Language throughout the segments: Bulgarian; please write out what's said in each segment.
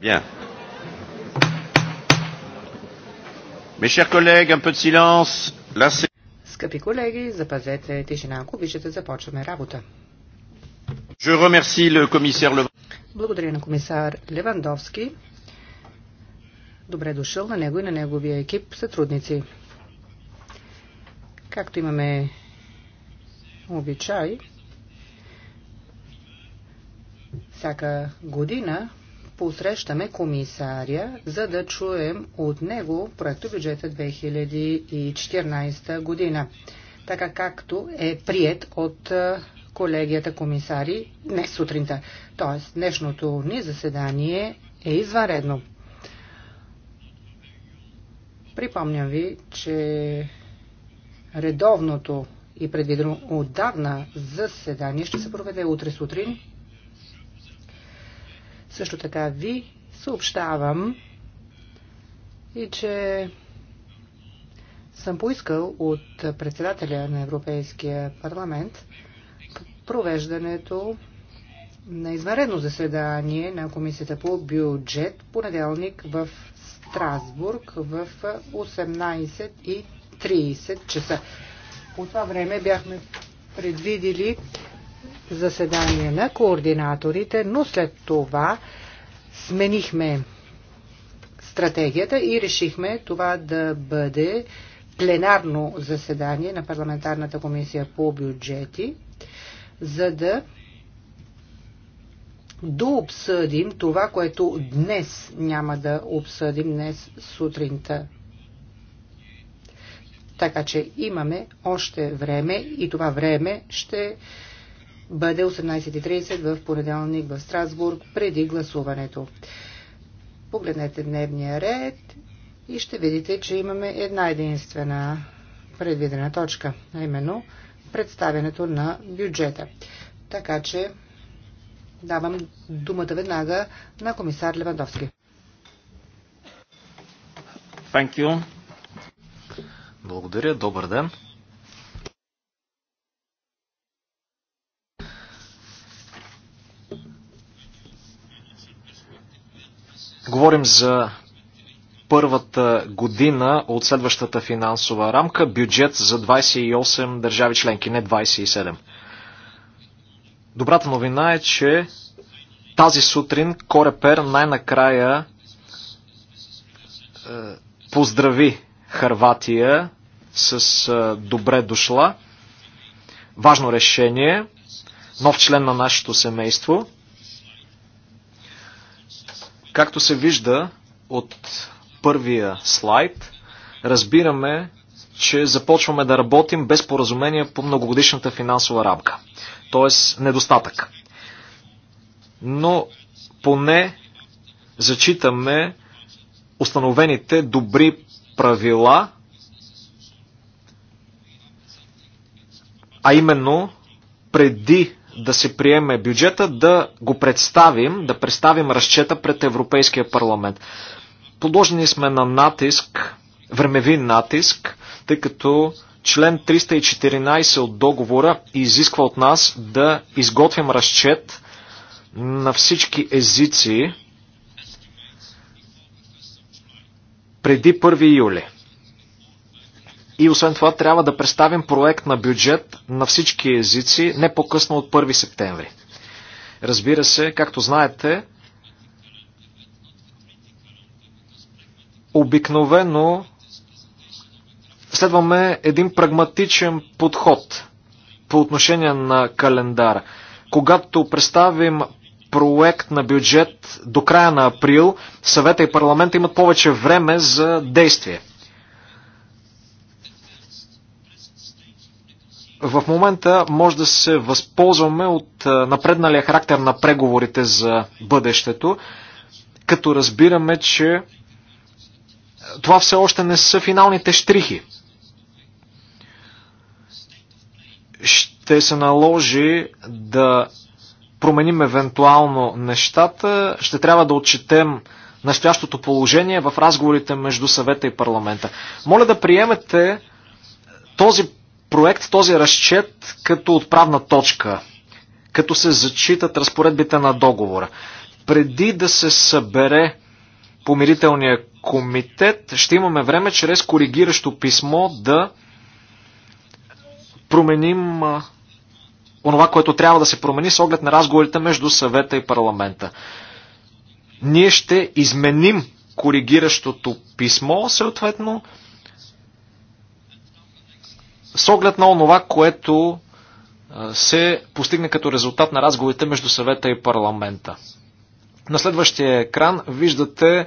Bien. Mes chers collègues, un peu de silence. La... Скъпи колеги, запазете тишина. Ако обичате, започваме работа. Je remercie le commissaire Благодаря на комисар Левандовски. Добре дошъл на него и на неговия екип сътрудници. Както имаме обичай, всяка година посрещаме комисаря, за да чуем от него проекто бюджета 2014 година, така както е прият от колегията комисари не сутринта. Тоест, днешното ни заседание е извънредно. Припомням ви, че редовното и предвидено отдавна заседание ще се проведе утре сутрин също така ви съобщавам и че съм поискал от председателя на Европейския парламент провеждането на изварено заседание на Комисията по бюджет понеделник в Страсбург в 18.30 часа. По това време бяхме предвидили заседание на координаторите, но след това сменихме стратегията и решихме това да бъде пленарно заседание на парламентарната комисия по бюджети, за да дообсъдим това, което днес няма да обсъдим днес сутринта. Така че имаме още време и това време ще бъде 18.30 в понеделник в Страсбург преди гласуването. Погледнете дневния ред и ще видите, че имаме една единствена предвидена точка, а именно представянето на бюджета. Така че давам думата веднага на комисар Левандовски. Thank you. Благодаря. Добър ден. Говорим за първата година от следващата финансова рамка, бюджет за 28 държави членки, не 27. Добрата новина е, че тази сутрин Корепер най-накрая е, поздрави Харватия с е, добре дошла. Важно решение. Нов член на нашето семейство. Както се вижда от първия слайд, разбираме, че започваме да работим без поразумение по многогодишната финансова рамка. Тоест недостатък. Но поне зачитаме установените добри правила, а именно преди да се приеме бюджета, да го представим, да представим разчета пред Европейския парламент. Подложени сме на натиск, времеви натиск, тъй като член 314 от договора изисква от нас да изготвим разчет на всички езици преди 1 юли. И освен това трябва да представим проект на бюджет на всички езици не по-късно от 1 септември. Разбира се, както знаете, обикновено следваме един прагматичен подход по отношение на календара. Когато представим проект на бюджет до края на април, съвета и парламента имат повече време за действие. в момента може да се възползваме от напредналия характер на преговорите за бъдещето, като разбираме, че това все още не са финалните штрихи. Ще се наложи да променим евентуално нещата, ще трябва да отчетем настоящото положение в разговорите между съвета и парламента. Моля да приемете този проект, този разчет като отправна точка, като се зачитат разпоредбите на договора. Преди да се събере помирителния комитет, ще имаме време чрез коригиращо писмо да променим онова, което трябва да се промени с оглед на разговорите между съвета и парламента. Ние ще изменим коригиращото писмо, съответно, с оглед на онова, което се постигне като резултат на разговорите между съвета и парламента. На следващия екран виждате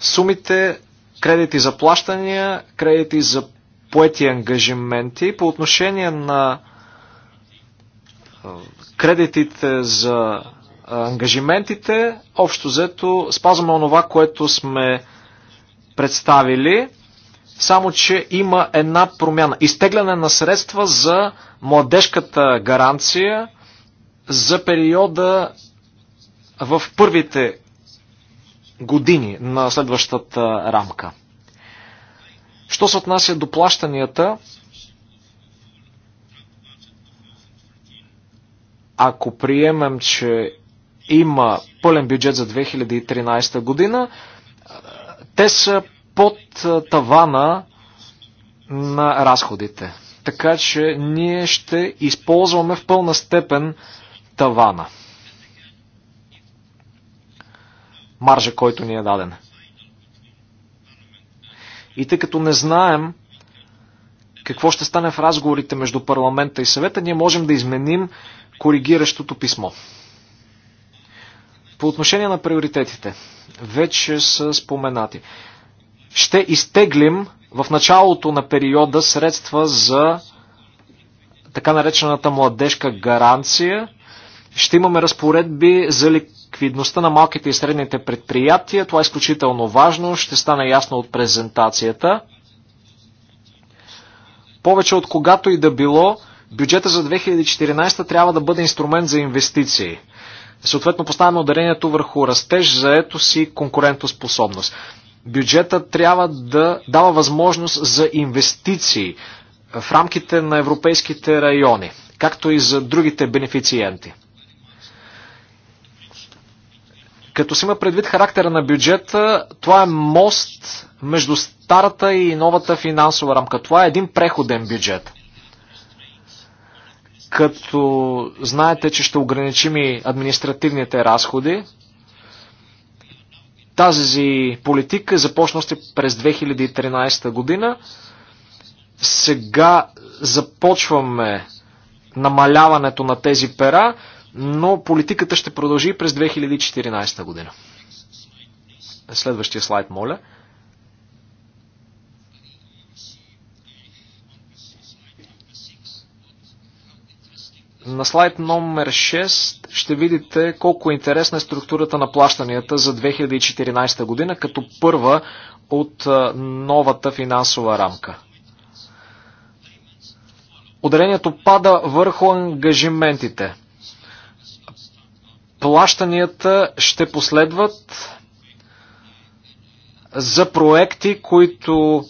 сумите кредити за плащания, кредити за поети ангажименти. По отношение на кредитите за ангажиментите, общо взето спазваме онова, което сме представили. Само, че има една промяна. Изтегляне на средства за младежката гаранция за периода в първите години на следващата рамка. Що се отнася до плащанията, ако приемем, че има пълен бюджет за 2013 година, те са под тавана на разходите. Така че ние ще използваме в пълна степен тавана. Маржа, който ни е даден. И тъй като не знаем какво ще стане в разговорите между парламента и съвета, ние можем да изменим коригиращото писмо. По отношение на приоритетите, вече са споменати ще изтеглим в началото на периода средства за така наречената младежка гаранция. Ще имаме разпоредби за ликвидността на малките и средните предприятия. Това е изключително важно. Ще стане ясно от презентацията. Повече от когато и да било, бюджета за 2014 трябва да бъде инструмент за инвестиции. Съответно поставяме ударението върху растеж, заето си конкурентоспособност. Бюджета трябва да дава възможност за инвестиции в рамките на европейските райони, както и за другите бенефициенти. Като си има предвид характера на бюджета, това е мост между старата и новата финансова рамка. Това е един преходен бюджет. Като знаете, че ще ограничим и административните разходи, тази политика започна още през 2013 година. Сега започваме намаляването на тези пера, но политиката ще продължи през 2014 година. Следващия слайд, моля. На слайд номер 6 ще видите колко интересна е структурата на плащанията за 2014 година, като първа от новата финансова рамка. Ударението пада върху ангажиментите. Плащанията ще последват за проекти, които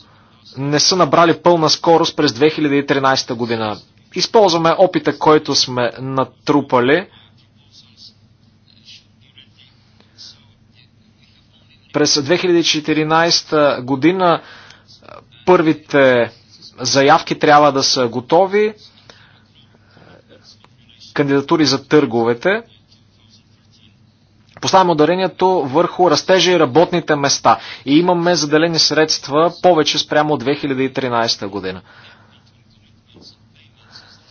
не са набрали пълна скорост през 2013 година. Използваме опита, който сме натрупали. През 2014 година първите заявки трябва да са готови, кандидатури за търговете. Поставяме ударението върху растежа и работните места. И имаме заделени средства повече спрямо от 2013 година.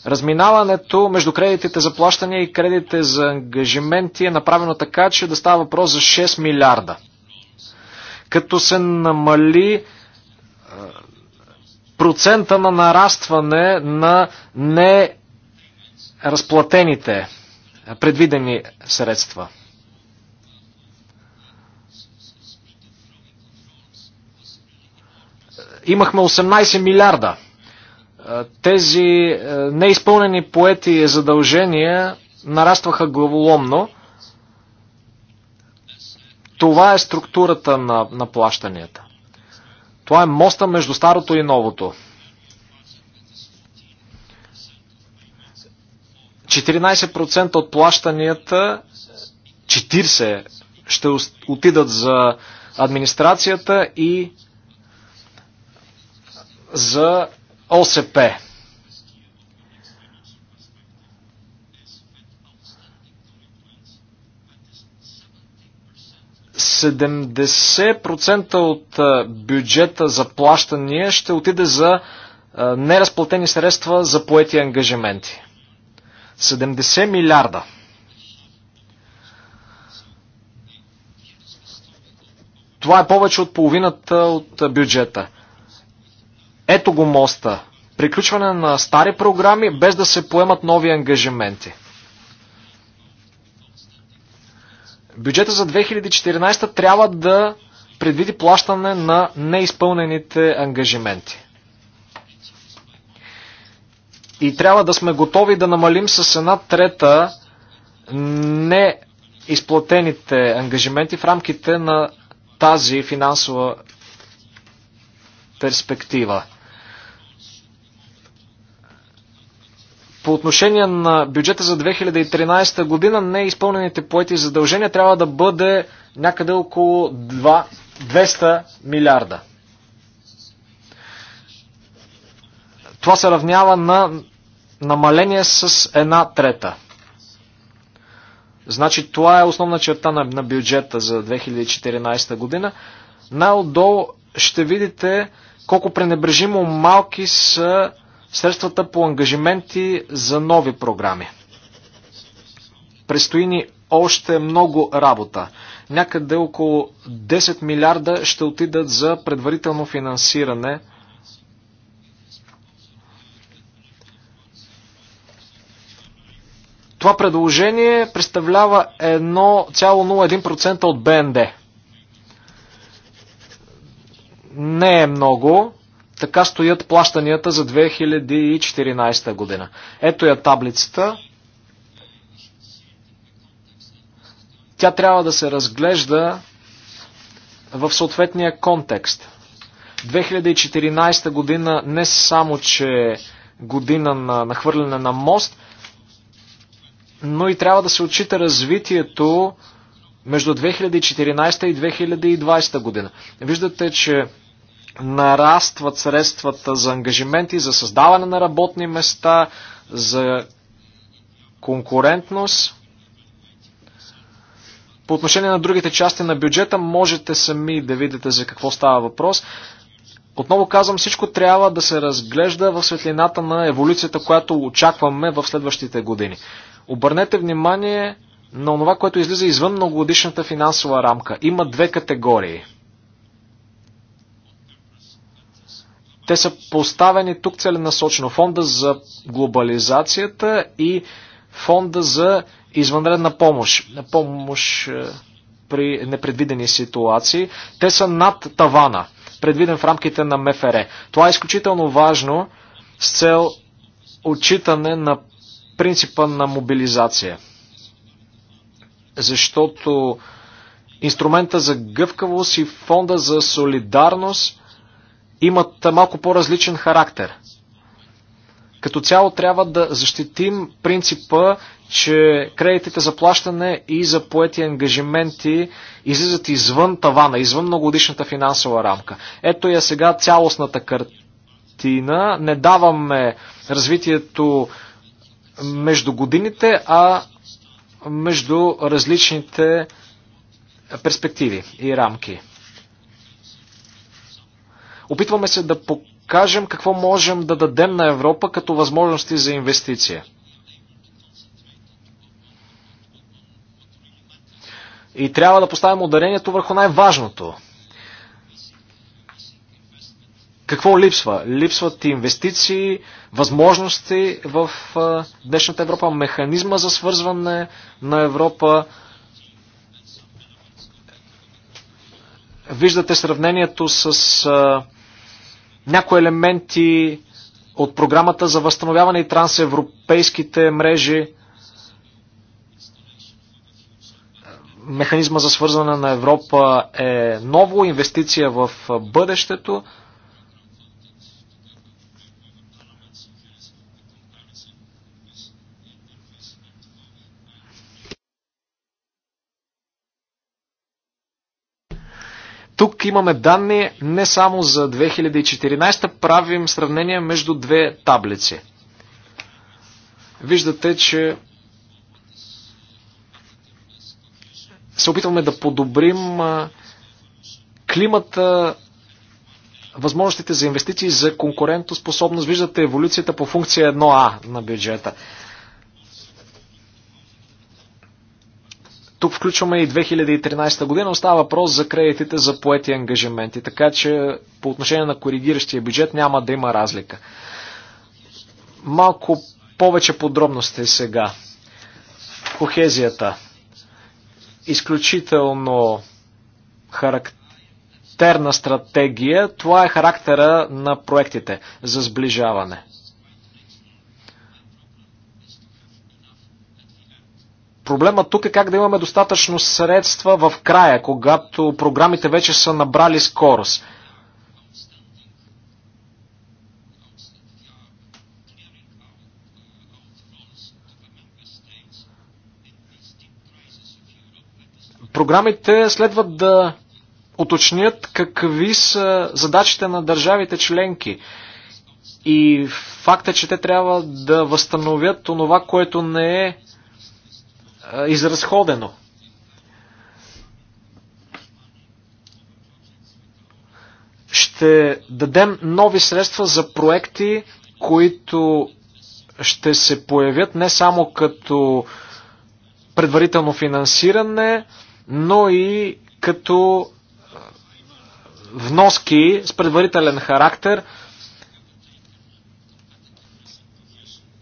Разминаването между кредитите за плащане и кредитите за ангажименти е направено така, че да става въпрос за 6 милиарда – като се намали е, процента на нарастване на не разплатените е, предвидени средства. Имахме 18 милиарда. Е, тези неизпълнени поети задължения нарастваха главоломно – това е структурата на, на плащанията. Това е моста между старото и новото. 14% от плащанията, 40% ще отидат за администрацията и за ОСП, 70% от бюджета за плащания ще отиде за неразплатени средства за поети ангажименти. 70 милиарда. Това е повече от половината от бюджета. Ето го моста. Приключване на стари програми, без да се поемат нови ангажименти. Бюджета за 2014 трябва да предвиди плащане на неизпълнените ангажименти. И трябва да сме готови да намалим с една трета неизплатените ангажименти в рамките на тази финансова перспектива. По отношение на бюджета за 2013 година, неизпълнените поети задължения трябва да бъде някъде около 2, 200 милиарда. Това се равнява на намаление с една трета. Значи това е основна черта на, на бюджета за 2014 година. Най-отдолу ще видите колко пренебрежимо малки са средствата по ангажименти за нови програми. Престои ни още много работа. Някъде около 10 милиарда ще отидат за предварително финансиране Това предложение представлява 1,01% от БНД. Не е много. Така стоят плащанията за 2014 година. Ето я таблицата. Тя трябва да се разглежда в съответния контекст. 2014 година не само, че е година на нахвърляне на мост, но и трябва да се отчита развитието между 2014 и 2020 година. Виждате, че нарастват средствата за ангажименти, за създаване на работни места, за конкурентност. По отношение на другите части на бюджета, можете сами да видите за какво става въпрос. Отново казвам, всичко трябва да се разглежда в светлината на еволюцията, която очакваме в следващите години. Обърнете внимание на това, което излиза извън многогодишната финансова рамка. Има две категории – Те са поставени тук целенасочено. Фонда за глобализацията и фонда за извънредна помощ. Помощ е, при непредвидени ситуации. Те са над тавана, предвиден в рамките на МФР. Това е изключително важно с цел отчитане на принципа на мобилизация. Защото инструмента за гъвкавост и фонда за солидарност имат малко по-различен характер. Като цяло трябва да защитим принципа, че кредитите за плащане и за поети ангажименти излизат извън тавана, извън многодишната финансова рамка. Ето я сега цялостната картина. Не даваме развитието между годините, а между различните перспективи и рамки. Опитваме се да покажем какво можем да дадем на Европа като възможности за инвестиция. И трябва да поставим ударението върху най-важното. Какво липсва? Липсват инвестиции, възможности в днешната Европа, механизма за свързване на Европа. Виждате сравнението с някои елементи от програмата за възстановяване и трансевропейските мрежи, механизма за свързване на Европа е ново, инвестиция в бъдещето. Тук имаме данни не само за 2014, правим сравнение между две таблици. Виждате, че се опитваме да подобрим климата, възможностите за инвестиции, за конкурентоспособност. Виждате еволюцията по функция 1А на бюджета. Тук включваме и 2013 година. Остава въпрос за кредитите за поети ангажименти. Така че по отношение на коригиращия бюджет няма да има разлика. Малко повече подробности сега. Кохезията. Изключително характерна стратегия. Това е характера на проектите за сближаване. Проблема тук е как да имаме достатъчно средства в края, когато програмите вече са набрали скорост. Програмите следват да уточнят какви са задачите на държавите членки. И факта, е, че те трябва да възстановят онова, което не е изразходено. Ще дадем нови средства за проекти, които ще се появят не само като предварително финансиране, но и като вноски с предварителен характер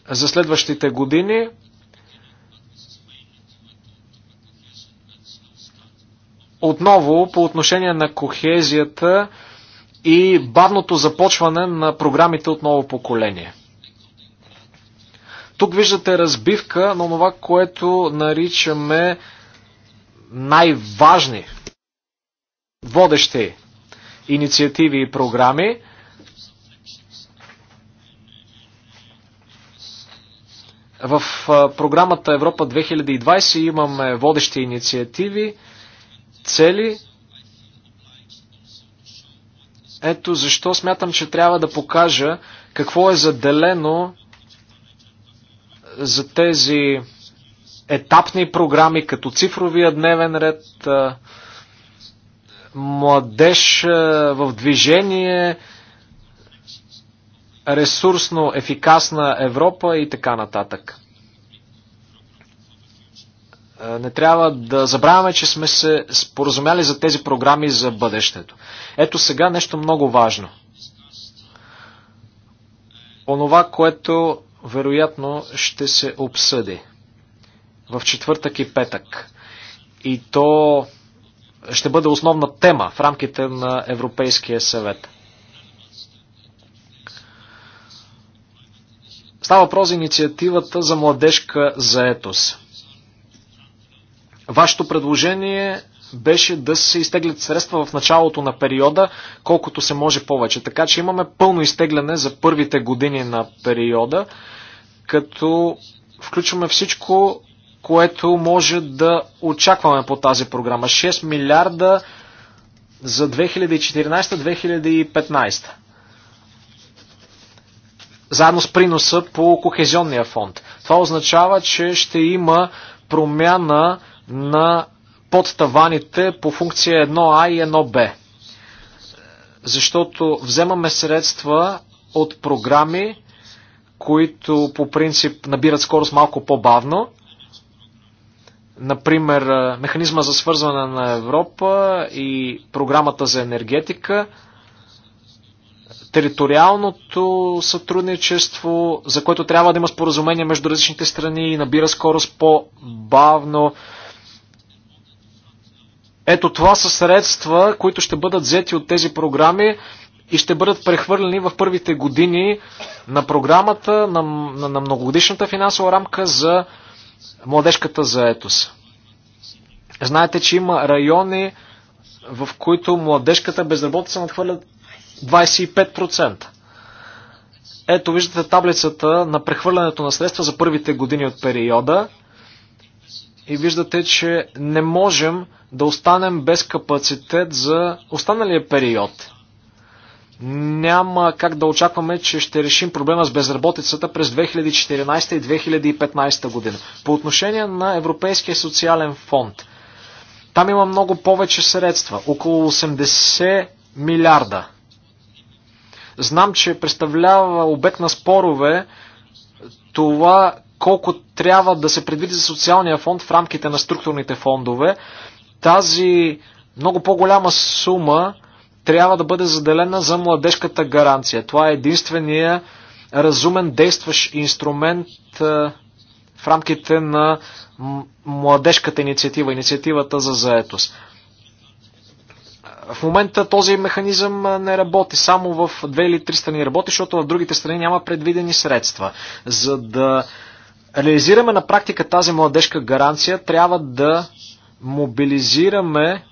за следващите години. Отново, по отношение на кохезията и бавното започване на програмите от ново поколение. Тук виждате разбивка на това, което наричаме най-важни водещи инициативи и програми. В програмата Европа 2020 имаме водещи инициативи, цели. Ето защо смятам, че трябва да покажа какво е заделено за тези етапни програми, като цифровия дневен ред, младеж в движение, ресурсно ефикасна Европа и така нататък. Не трябва да забравяме, че сме се споразумяли за тези програми за бъдещето. Ето сега нещо много важно. Онова, което вероятно ще се обсъди в четвъртък и петък. И то ще бъде основна тема в рамките на Европейския съвет. Става въпрос за инициативата за младежка заетост. Вашето предложение беше да се изтеглят средства в началото на периода, колкото се може повече. Така че имаме пълно изтегляне за първите години на периода, като включваме всичко, което може да очакваме по тази програма. 6 милиарда за 2014-2015. Заедно с приноса по кохезионния фонд. Това означава, че ще има промяна на подставаните по функция 1А и 1Б. Защото вземаме средства от програми, които по принцип набират скорост малко по-бавно. Например, е, механизма за свързване на Европа и програмата за енергетика, териториалното сътрудничество, за което трябва да има споразумение между различните страни и набира скорост по-бавно, ето това са средства, които ще бъдат взети от тези програми и ще бъдат прехвърлени в първите години на програмата, на, на, на многогодишната финансова рамка за младежката заетост. Знаете, че има райони, в които младежката безработица надхвърля 25%. Ето виждате таблицата на прехвърлянето на средства за първите години от периода – и виждате, че не можем да останем без капацитет за останалия период. Няма как да очакваме, че ще решим проблема с безработицата през 2014 и 2015 година. По отношение на Европейския социален фонд, там има много повече средства, около 80 милиарда. Знам, че представлява обект на спорове това колко трябва да се предвиди за социалния фонд в рамките на структурните фондове, тази много по-голяма сума трябва да бъде заделена за младежката гаранция. Това е единствения разумен действащ инструмент в рамките на младежката инициатива, инициативата за заетост. В момента този механизъм не работи. Само в две или три страни работи, защото в другите страни няма предвидени средства. За да реализираме на практика тази младежка гаранция, трябва да мобилизираме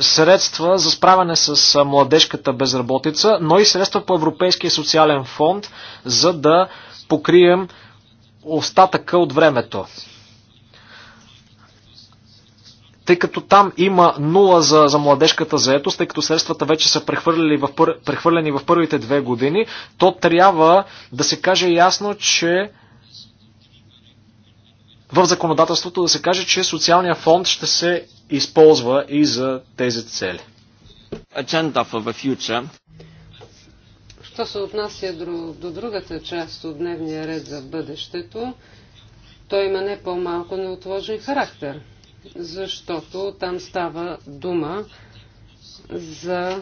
средства за справяне с младежката безработица, но и средства по Европейския социален фонд, за да покрием остатъка от времето. Тъй като там има нула за, за младежката заетост, тъй като средствата вече са прехвърлени в, пър, прехвърлени в първите две години, то трябва да се каже ясно, че в законодателството да се каже, че социалния фонд ще се използва и за тези цели. Що се отнася до, до другата част от дневния ред за бъдещето, той има не по-малко неотложен характер, защото там става дума за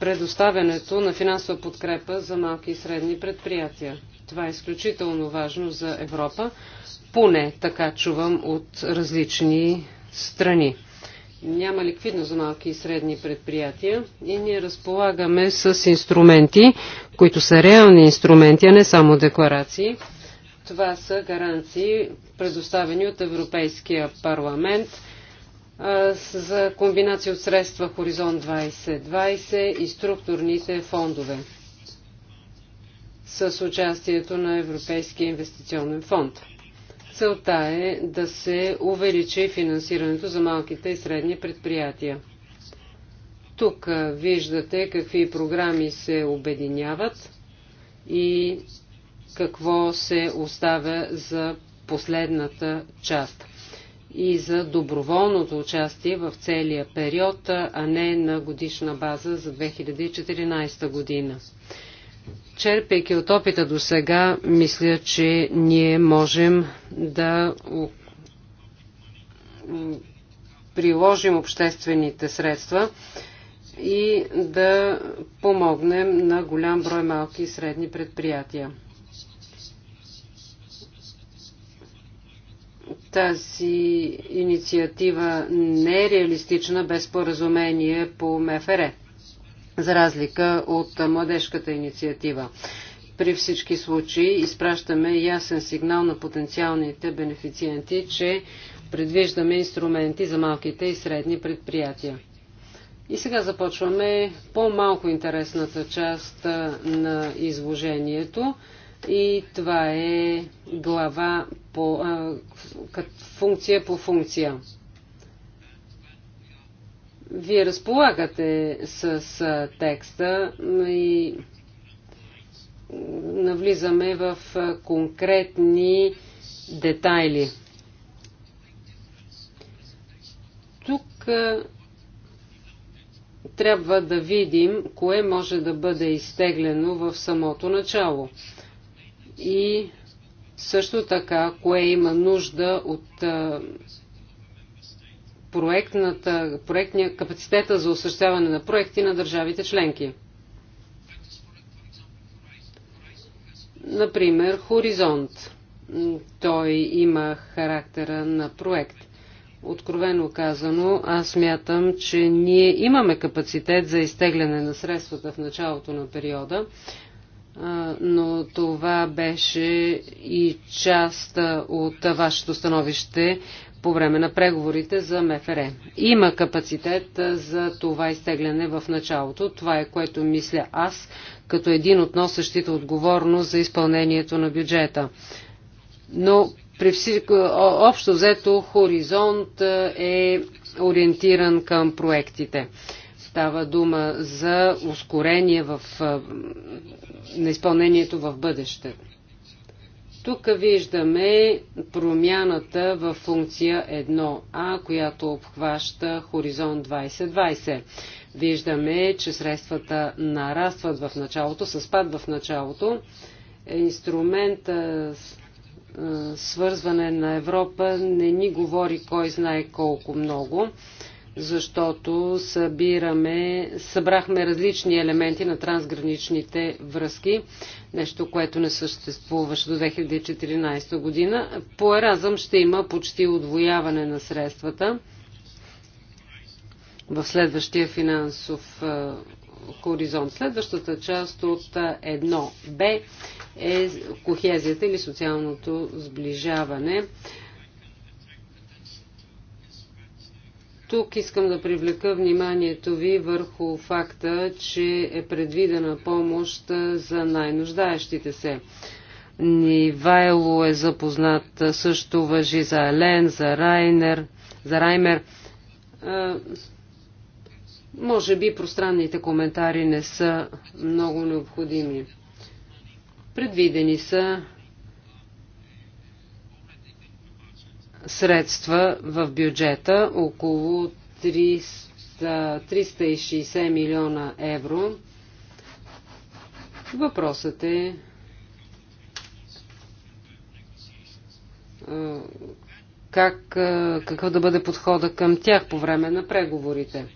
предоставянето на финансова подкрепа за малки и средни предприятия. Това е изключително важно за Европа, поне така чувам от различни страни. Няма ликвидност за малки и средни предприятия и ние разполагаме с инструменти, които са реални инструменти, а не само декларации. Това са гаранции, предоставени от Европейския парламент за комбинация от средства Хоризонт 2020 и структурните фондове с участието на Европейския инвестиционен фонд. Целта е да се увеличи финансирането за малките и средни предприятия. Тук виждате какви програми се обединяват и какво се оставя за последната част и за доброволното участие в целия период, а не на годишна база за 2014 година. Черпейки от опита до сега, мисля, че ние можем да приложим обществените средства и да помогнем на голям брой малки и средни предприятия. Тази инициатива не е реалистична без поразумение по МФРЕ за разлика от младежката инициатива. При всички случаи изпращаме ясен сигнал на потенциалните бенефициенти, че предвиждаме инструменти за малките и средни предприятия. И сега започваме по-малко интересната част на изложението и това е глава по а, функция по функция. Вие разполагате с, с текста и навлизаме в конкретни детайли. Тук трябва да видим кое може да бъде изтеглено в самото начало и също така кое има нужда от проектния капацитета за осъществяване на проекти на държавите членки. Например, Хоризонт. Той има характера на проект. Откровено казано, аз мятам, че ние имаме капацитет за изтегляне на средствата в началото на периода, но това беше и част от вашето становище по време на преговорите за МФР. Има капацитет за това изтегляне в началото. Това е което мисля аз, като един от носещите отговорност за изпълнението на бюджета. Но при всичко, общо взето хоризонт е ориентиран към проектите. Става дума за ускорение в, на изпълнението в бъдещето. Тук виждаме промяната в функция 1А, която обхваща хоризонт 2020. Виждаме, че средствата нарастват в началото, с спад в началото. Е, Инструмент е, свързване на Европа не ни говори кой знае колко много защото събираме, събрахме различни елементи на трансграничните връзки, нещо, което не съществуваше до 2014 година. По Еразъм ще има почти отвояване на средствата в следващия финансов е, хоризонт. Следващата част от 1Б е, е кохезията или социалното сближаване. Тук искам да привлека вниманието ви върху факта, че е предвидена помощ за най-нуждаещите се. Нивайло е запознат също въжи за Елен, за Райнер, за Раймер. може би пространните коментари не са много необходими. Предвидени са средства в бюджета, около 300, 360 милиона евро. Въпросът е как, какъв да бъде подхода към тях по време на преговорите.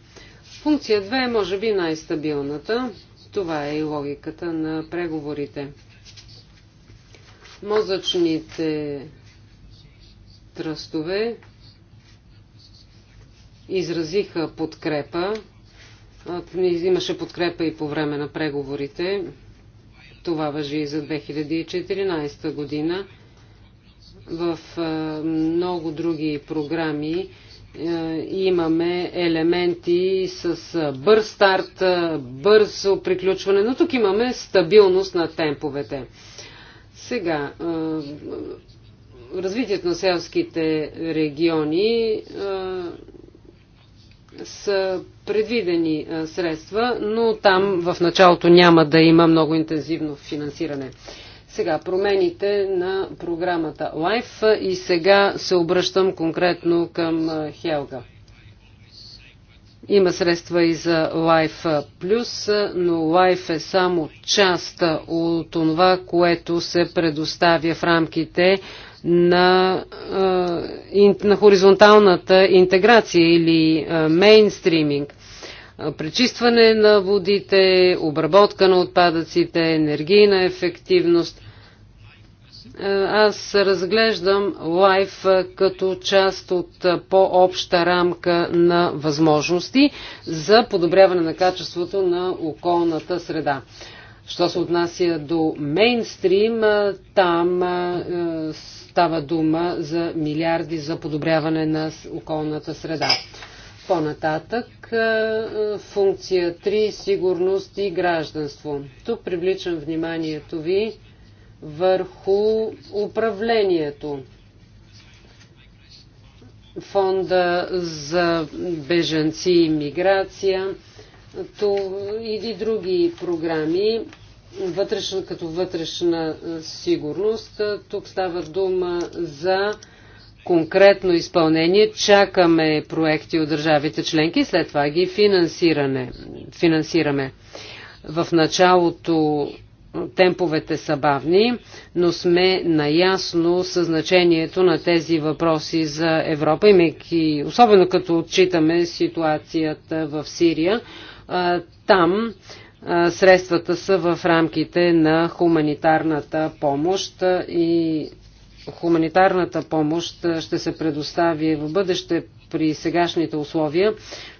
Функция 2 е може би най-стабилната. Това е и логиката на преговорите. Мозъчните тръстове изразиха подкрепа. Имаше подкрепа и по време на преговорите. Това въжи и за 2014 година. В много други програми имаме елементи с бърз старт, бързо приключване, но тук имаме стабилност на темповете. Сега, развитието на селските региони са предвидени средства, но там в началото няма да има много интензивно финансиране. Сега промените на програмата LIFE и сега се обръщам конкретно към Хелга. Има средства и за Life Plus, но Life е само част от това, което се предоставя в рамките на, е, на хоризонталната интеграция или е, мейнстриминг. Е, пречистване на водите, обработка на отпадъците, енергийна ефективност. Аз разглеждам лайф като част от по-обща рамка на възможности за подобряване на качеството на околната среда. Що се отнася до мейнстрим, там е, става дума за милиарди за подобряване на околната среда. По-нататък е, е, функция 3 сигурност и гражданство. Тук привличам вниманието ви върху управлението. Фонда за беженци и миграция то, или други програми, вътрешна, като вътрешна сигурност. Тук става дума за конкретно изпълнение. Чакаме проекти от държавите членки, след това ги финансиране, финансираме. В началото темповете са бавни, но сме наясно със значението на тези въпроси за Европа, имайки, особено като отчитаме ситуацията в Сирия. Там средствата са в рамките на хуманитарната помощ и хуманитарната помощ ще се предостави в бъдеще при сегашните условия,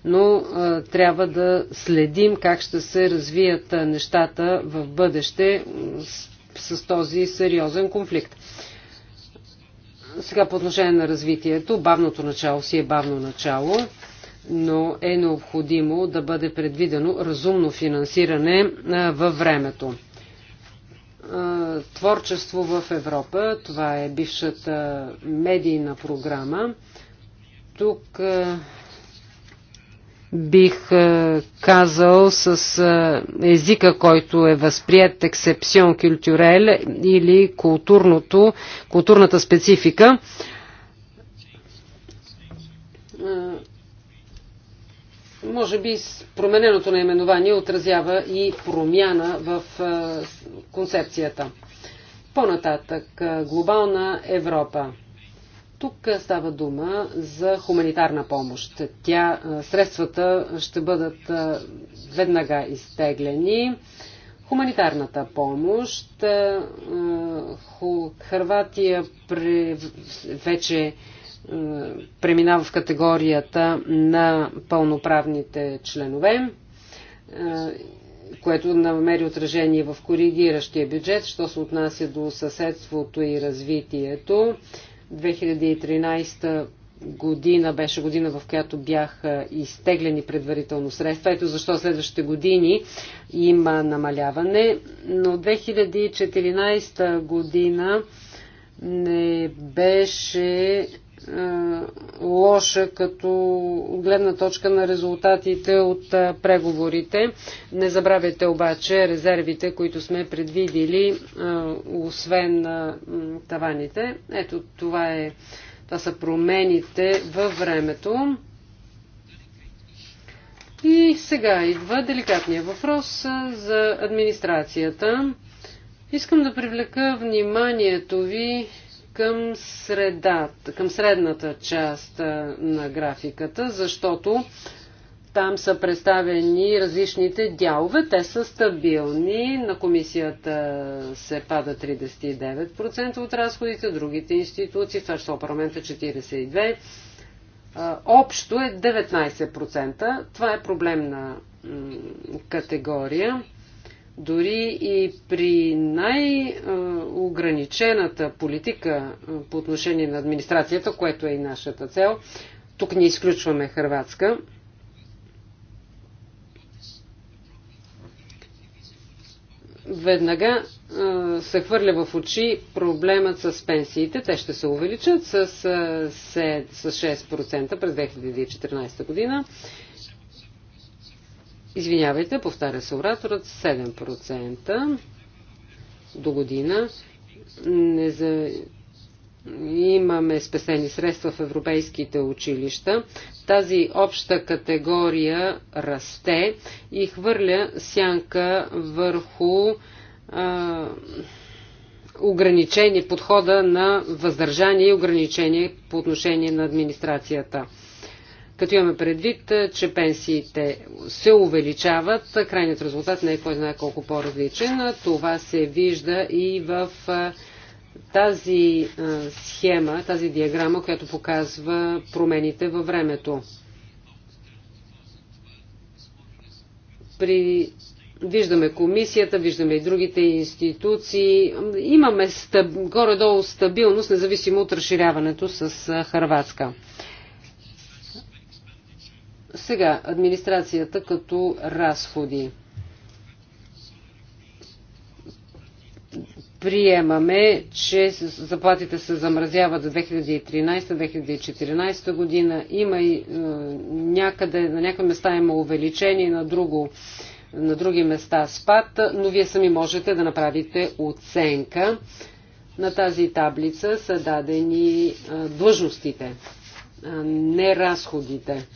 но трябва да следим как ще се развият нещата в бъдеще с този сериозен конфликт. Сега по отношение на развитието, бавното начало си е бавно начало но е необходимо да бъде предвидено разумно финансиране във времето. Творчество в Европа, това е бившата медийна програма. Тук бих казал с езика, който е възприят ексепсион Кюльтюрел или културното, културната специфика Може би промененото наименование отразява и промяна в концепцията. По-нататък, глобална Европа. Тук става дума за хуманитарна помощ. Тя, средствата ще бъдат веднага изтеглени. Хуманитарната помощ. Хърватия вече е, преминава в категорията на пълноправните членове, е, което намери отражение в коригиращия бюджет, що се отнася до съседството и развитието. 2013 година беше година, в която бяха изтеглени предварително средства. Ето защо следващите години има намаляване. Но 2014 година не беше лоша като гледна точка на резултатите от преговорите. Не забравяйте обаче резервите, които сме предвидили, освен таваните. Ето това, е, това са промените във времето. И сега идва деликатния въпрос за администрацията. Искам да привлека вниманието ви към средата, към средната част на графиката, защото там са представени различните дялове. Те са стабилни. На комисията се пада 39% от разходите, другите институции, това това парламента 42%. Общо е 19%. Това е проблемна категория. Дори и при най-ограничената политика по отношение на администрацията, което е и нашата цел, тук не изключваме Хрватска, веднага се хвърля в очи проблемът с пенсиите. Те ще се увеличат с, с 6% през 2014 година Извинявайте, повтаря се ораторът, 7% до година. Не за... Имаме спестени средства в европейските училища. Тази обща категория расте и хвърля сянка върху а, ограничение подхода на въздържание и ограничение по отношение на администрацията. Като имаме предвид, че пенсиите се увеличават, крайният резултат не е кой знае колко по-различен. Това се вижда и в тази схема, тази диаграма, която показва промените във времето. При... Виждаме комисията, виждаме и другите институции. Имаме стаб... горе-долу стабилност, независимо от разширяването с Харватска. Сега, администрацията като разходи. Приемаме, че заплатите се замразяват за 2013-2014 година. Има и е, някъде, на някои места има увеличение, на, друго, на други места спад, но вие сами можете да направите оценка. На тази таблица са дадени е, длъжностите, е, не разходите.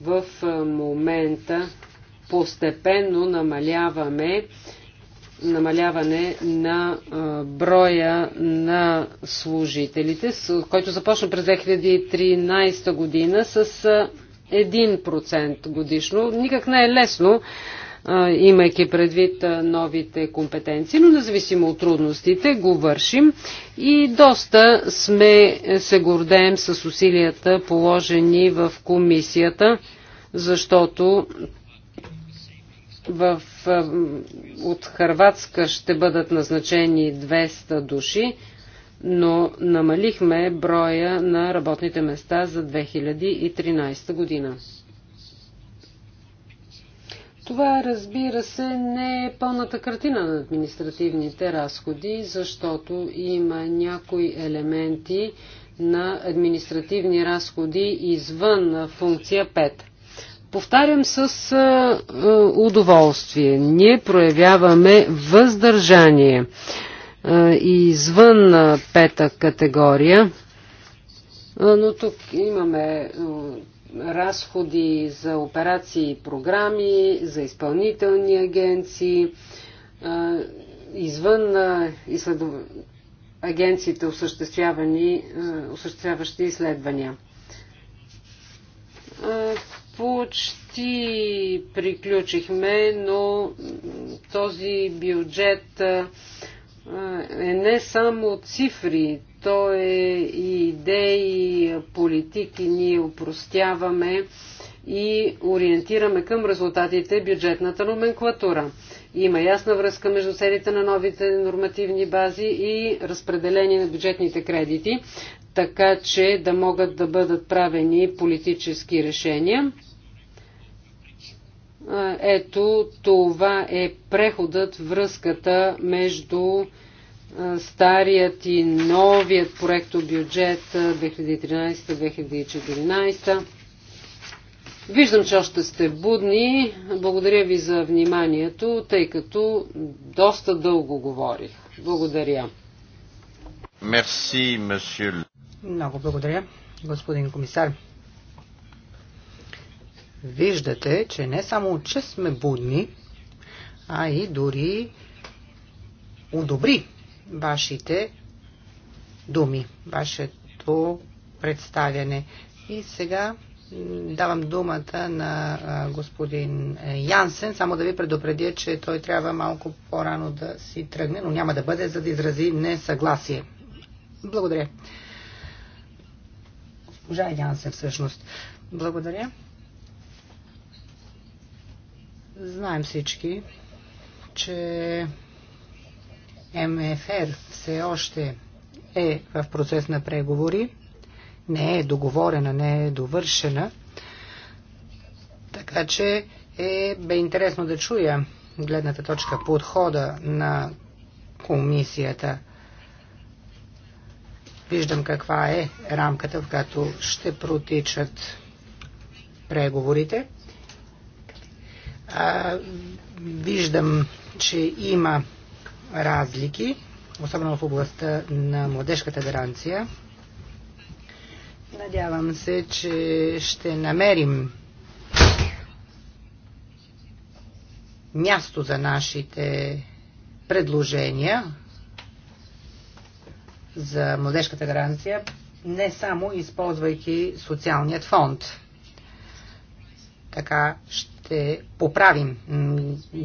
В момента постепенно намаляваме намаляване на броя на служителите, който започна през 2013 година с 1% годишно. Никак не е лесно имайки предвид новите компетенции, но независимо от трудностите, го вършим и доста сме е, се гордеем с усилията положени в комисията, защото в, от Харватска ще бъдат назначени 200 души, но намалихме броя на работните места за 2013 година. Това, разбира се, не е пълната картина на административните разходи, защото има някои елементи на административни разходи извън функция 5. Повтарям с удоволствие. Ние проявяваме въздържание и извън пета категория, но тук имаме разходи за операции и програми, за изпълнителни агенции, извън изследов... агенциите, осъществяващи изследвания. Почти приключихме, но този бюджет е не само цифри, то е и идеи, политики. Ние упростяваме и ориентираме към резултатите бюджетната номенклатура. Има ясна връзка между целите на новите нормативни бази и разпределение на бюджетните кредити, така че да могат да бъдат правени политически решения. Ето това е преходът, връзката между старият и новият проекто бюджет 2013-2014. Виждам, че още сте будни. Благодаря ви за вниманието, тъй като доста дълго говорих. Благодаря. Мерси, Много благодаря, господин комисар. Виждате, че не само че сме будни, а и дори удобри вашите думи, вашето представяне. И сега давам думата на господин Янсен, само да ви предупредя, че той трябва малко по-рано да си тръгне, но няма да бъде, за да изрази несъгласие. Благодаря. Госпожа Янсен, всъщност. Благодаря. Знаем всички, че МФР все още е в процес на преговори, не е договорена, не е довършена, така че е, бе интересно да чуя гледната точка, подхода на комисията. Виждам каква е рамката, в която ще протичат преговорите. А, виждам, че има разлики, особено в областта на младежката гаранция. Надявам се, че ще намерим място за нашите предложения за младежката гаранция, не само използвайки социалният фонд. Така ще ще поправим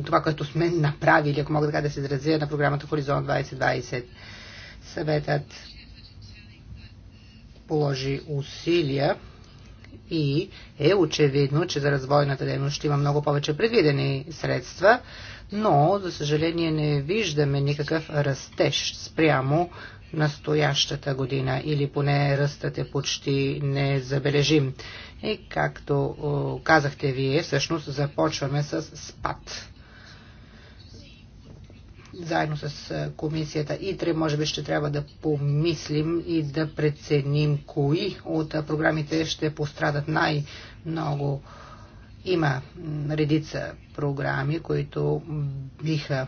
това, което сме направили, ако мога така да се изразя, на програмата Хоризонт 2020. Съветът положи усилия и е очевидно, че за развойната дейност ще има много повече предвидени средства, но, за съжаление, не виждаме никакъв растеж спрямо настоящата година или поне ръстът е почти незабележим. И както казахте вие, всъщност започваме с спад. Заедно с комисията ИТРЕ може би ще трябва да помислим и да преценим кои от програмите ще пострадат най-много. Има редица програми, които биха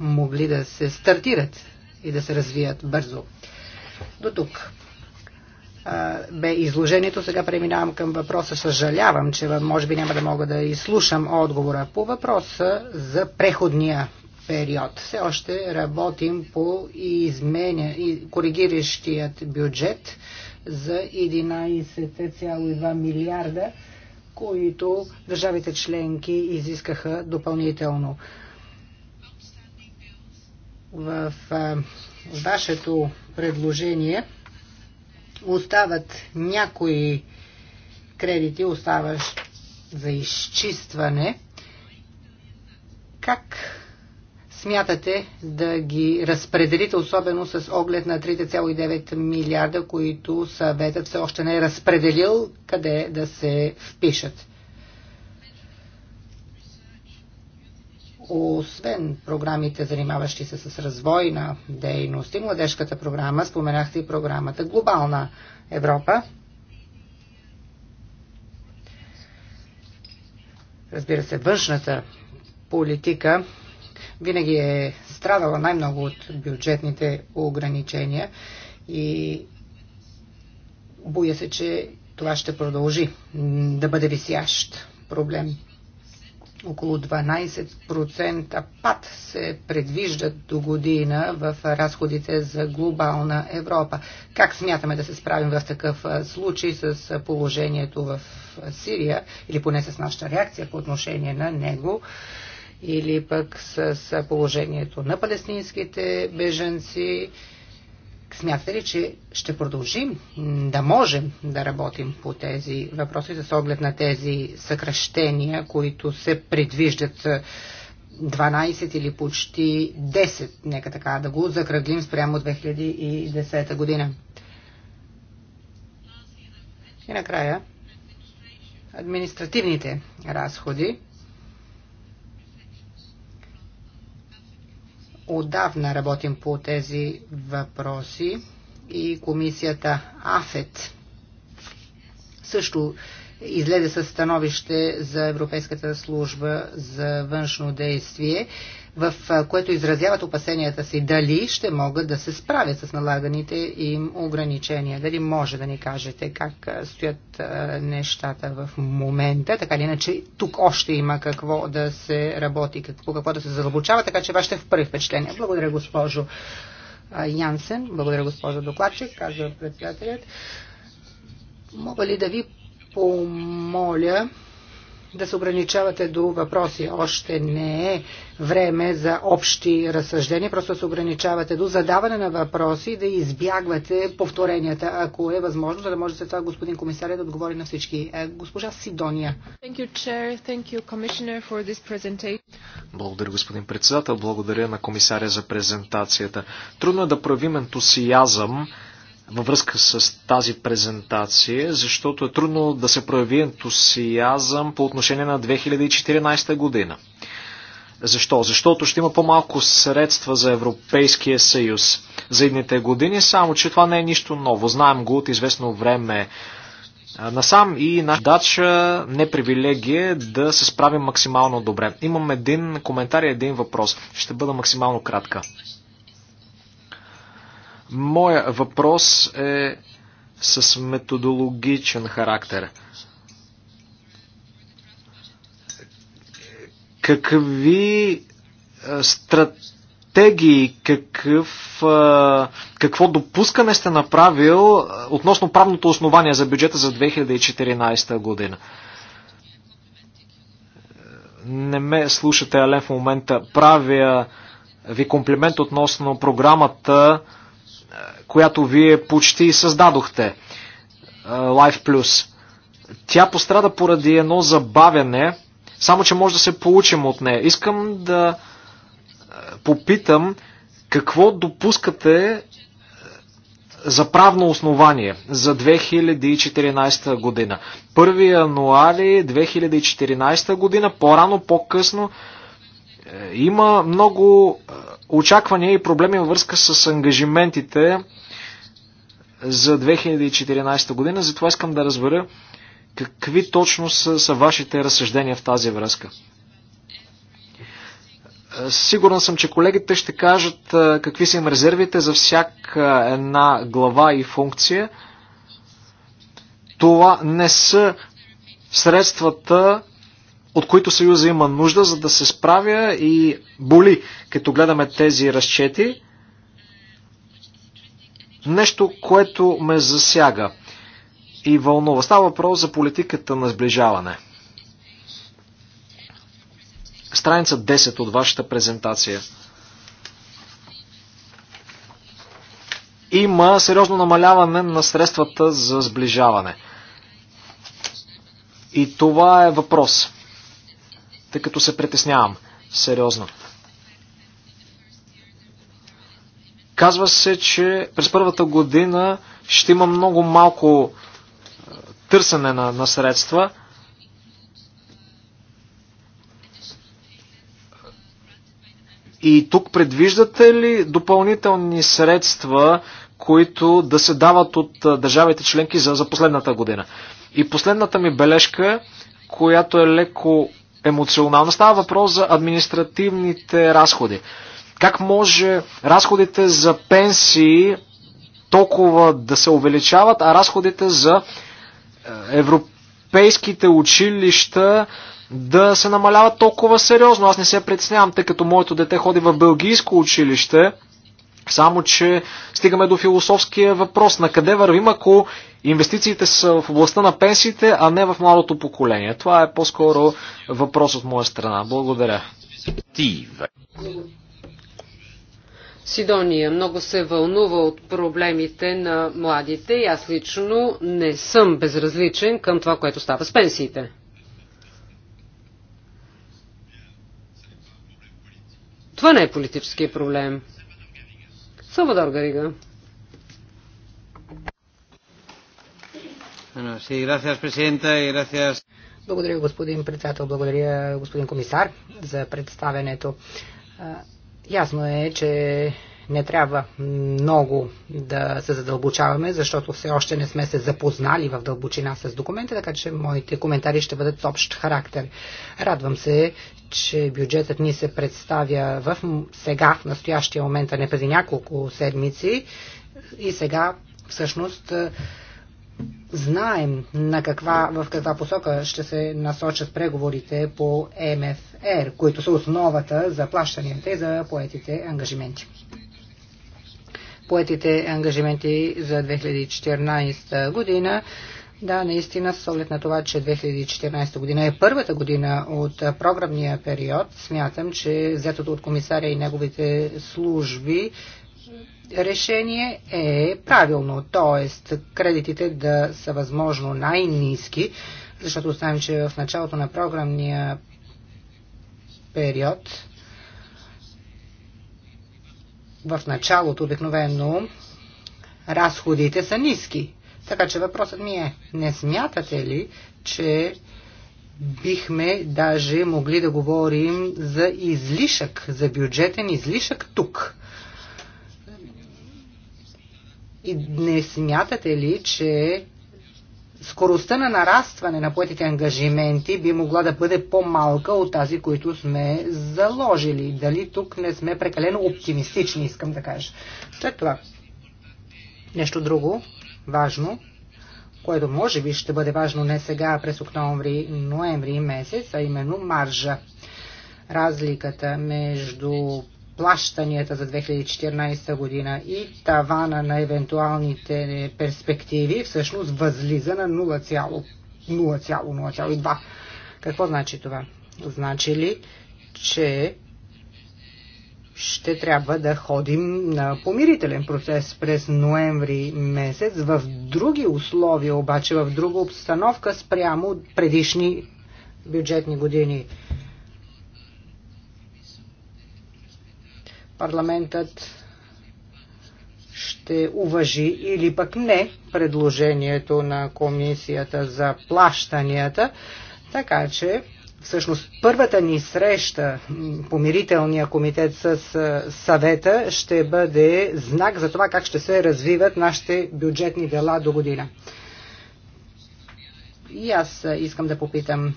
могли да се стартират и да се развият бързо. До тук бе изложението. Сега преминавам към въпроса. Съжалявам, че може би няма да мога да изслушам отговора по въпроса за преходния период. Все още работим по изменя, коригиращият бюджет за 11,2 милиарда, които държавите членки изискаха допълнително в а, вашето предложение остават някои кредити, оставаш за изчистване. Как смятате да ги разпределите, особено с оглед на 3,9 милиарда, които съветът все още не е разпределил къде да се впишат? освен програмите, занимаващи се с развой на дейности, младежката програма, споменахте и програмата Глобална Европа. Разбира се, външната политика винаги е страдала най-много от бюджетните ограничения и боя се, че това ще продължи да бъде висящ проблем около 12% пад се предвиждат до година в разходите за глобална Европа. Как смятаме да се справим в такъв случай с положението в Сирия или поне с нашата реакция по отношение на него? или пък с положението на палестинските беженци Смятате ли, че ще продължим да можем да работим по тези въпроси с оглед на тези съкръщения, които се предвиждат 12 е, или почти 10, нека така да го закръглим спрямо 2010 година? И накрая административните разходи отдавна работим по тези въпроси и комисията АФЕТ също излезе със становище за Европейската служба за външно действие, в което изразяват опасенията си дали ще могат да се справят с налаганите им ограничения. Дали може да ни кажете как стоят нещата в момента, така или иначе тук още има какво да се работи, какво, какво да се задълбочава, така че в първи впечатление. Благодаря, госпожо Янсен. Благодаря, госпожо докладчик, казва председателят. Мога ли да ви помоля да се ограничавате до въпроси. Още не е време за общи разсъждения, просто да се ограничавате до задаване на въпроси и да избягвате повторенията, ако е възможно, за да може след това господин комисаря да отговори на всички. Е, госпожа Сидония. Благодаря, господин председател. Благодаря на комисаря за презентацията. Трудно е да проявим ентусиазъм във връзка с тази презентация, защото е трудно да се прояви ентусиазъм по отношение на 2014 година. Защо? Защото ще има по-малко средства за Европейския съюз за едните години, само че това не е нищо ново. Знаем го от известно време насам и наша дача не привилегия е да се справим максимално добре. Имам един коментар и един въпрос. Ще бъда максимално кратка. Моя въпрос е с методологичен характер. Какви стратегии, какъв, какво допускане сте направил относно правното основание за бюджета за 2014 година? Не ме слушате, Ален, в момента правя ви комплимент относно програмата която вие почти създадохте, Life Plus. Тя пострада поради едно забавяне, само че може да се получим от нея. Искам да попитам какво допускате за правно основание за 2014 година. 1 януари 2014 година, по-рано, по-късно, е, има много е, очаквания и проблеми във връзка с ангажиментите за 2014 година, затова искам да разбера какви точно са, са вашите разсъждения в тази връзка. Е, сигурен съм, че колегите ще кажат какви са им резервите за всяка една глава и функция. Това не са средствата, от които Съюза има нужда, за да се справя и боли, като гледаме тези разчети. Нещо, което ме засяга и вълнува. Става въпрос за политиката на сближаване. Страница 10 от вашата презентация. Има сериозно намаляване на средствата за сближаване. И това е въпрос тъй като се притеснявам. Сериозно. Казва се, че през първата година ще има много малко е, търсене на, на средства. И тук предвиждате ли допълнителни средства, които да се дават от е, държавите членки за, за последната година? И последната ми бележка, която е леко емоционална. Става въпрос за административните разходи. Как може разходите за пенсии толкова да се увеличават, а разходите за е, европейските училища да се намаляват толкова сериозно. Аз не се предснявам, тъй като моето дете ходи в бългийско училище, само че стигаме до философския въпрос. На къде вървим, ако Инвестициите са в областта на пенсиите, а не в младото поколение. Това е по-скоро въпрос от моя страна. Благодаря. Сидония много се вълнува от проблемите на младите и аз лично не съм безразличен към това, което става с пенсиите. Това не е политическия проблем. Салвадор Гарига. Благодаря, господин председател. Благодаря, господин комисар, за представенето. Ясно е, че не трябва много да се задълбочаваме, защото все още не сме се запознали в дълбочина с документа, така че моите коментари ще бъдат с общ характер. Радвам се, че бюджетът ни се представя в сега, в настоящия момент, а не преди няколко седмици. И сега, всъщност, знаем на каква, в каква посока ще се насочат преговорите по МФР, които са основата за плащанията и за поетите ангажименти. Поетите ангажименти за 2014 година да, наистина, с оглед на това, че 2014 година е първата година от програмния период, смятам, че взетото от комисаря и неговите служби решение е правилно, т.е. кредитите да са възможно най-низки, защото знаем, че в началото на програмния период, в началото обикновено разходите са ниски. Така че въпросът ми е, не смятате ли, че бихме даже могли да говорим за излишък, за бюджетен излишък тук? И не смятате ли, че скоростта на нарастване на поетите ангажименти би могла да бъде по-малка от тази, които сме заложили? Дали тук не сме прекалено оптимистични, искам да кажа. След това, нещо друго, важно, което може би ще бъде важно не сега, а през октомври, ноември месец, а именно маржа. Разликата между плащанията за 2014 година и тавана на евентуалните перспективи всъщност възлиза на 0,0,2. Какво значи това? Значи ли, че ще трябва да ходим на помирителен процес през ноември месец в други условия, обаче в друга обстановка спрямо предишни бюджетни години. парламентът ще уважи или пък не предложението на комисията за плащанията, така че всъщност първата ни среща, помирителния комитет с съвета, ще бъде знак за това как ще се развиват нашите бюджетни дела до година. И аз искам да попитам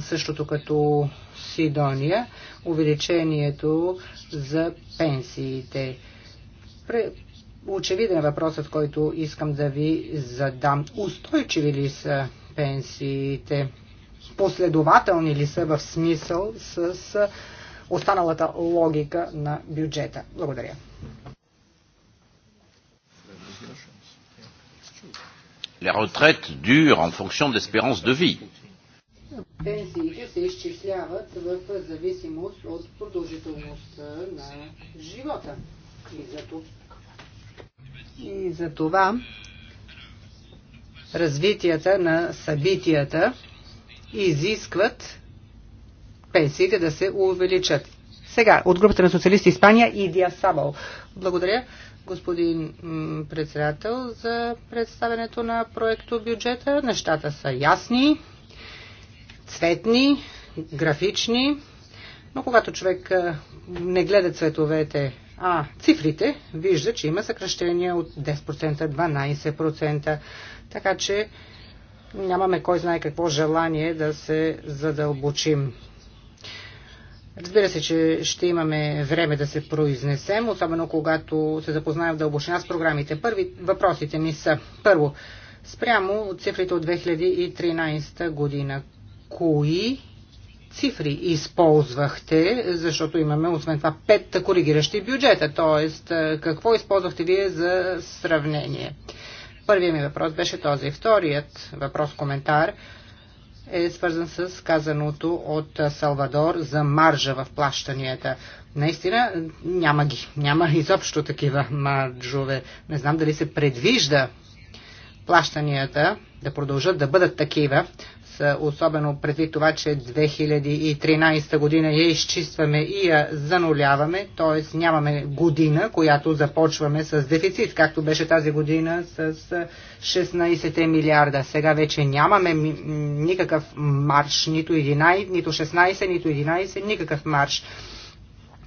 същото като Сидония, увеличението за пенсиите. Очевиден е въпросът, който искам да ви задам. Устойчиви ли са пенсиите? Последователни ли са в смисъл с останалата логика на бюджета? Благодаря. les retraites durent en fonction de l'espérance de vie. Пенсиите се изчисляват в зависимост от продължителността на живота. И за, това, и за това развитията на събитията изискват пенсиите да се увеличат. Сега, от групата на социалисти Испания и Диасабал. Благодаря господин председател, за представенето на проекто бюджета. Нещата са ясни, цветни, графични, но когато човек не гледа цветовете, а цифрите, вижда, че има съкръщения от 10%, 12%. Така че нямаме кой знае какво желание да се задълбочим. Разбира се, че ще имаме време да се произнесем, особено когато се запознаем в дълбочина с програмите. Първи въпросите ми са. Първо, спрямо цифрите от 2013 година, кои цифри използвахте, защото имаме освен това пет коригиращи бюджета, т.е. какво използвахте вие за сравнение? Първият ми въпрос беше този. Вторият въпрос, коментар – е свързан с казаното от Салвадор за маржа в плащанията. Наистина няма ги. Няма изобщо такива маржове. Не знам дали се предвижда плащанията да продължат да бъдат такива е, особено предвид това, че 2013 година я изчистваме и я зануляваме, т.е. нямаме година, която започваме с дефицит, както беше тази година с 16 е, милиарда. Сега вече нямаме никакъв марш, нито 11, нито 16, нито 11, никакъв марш.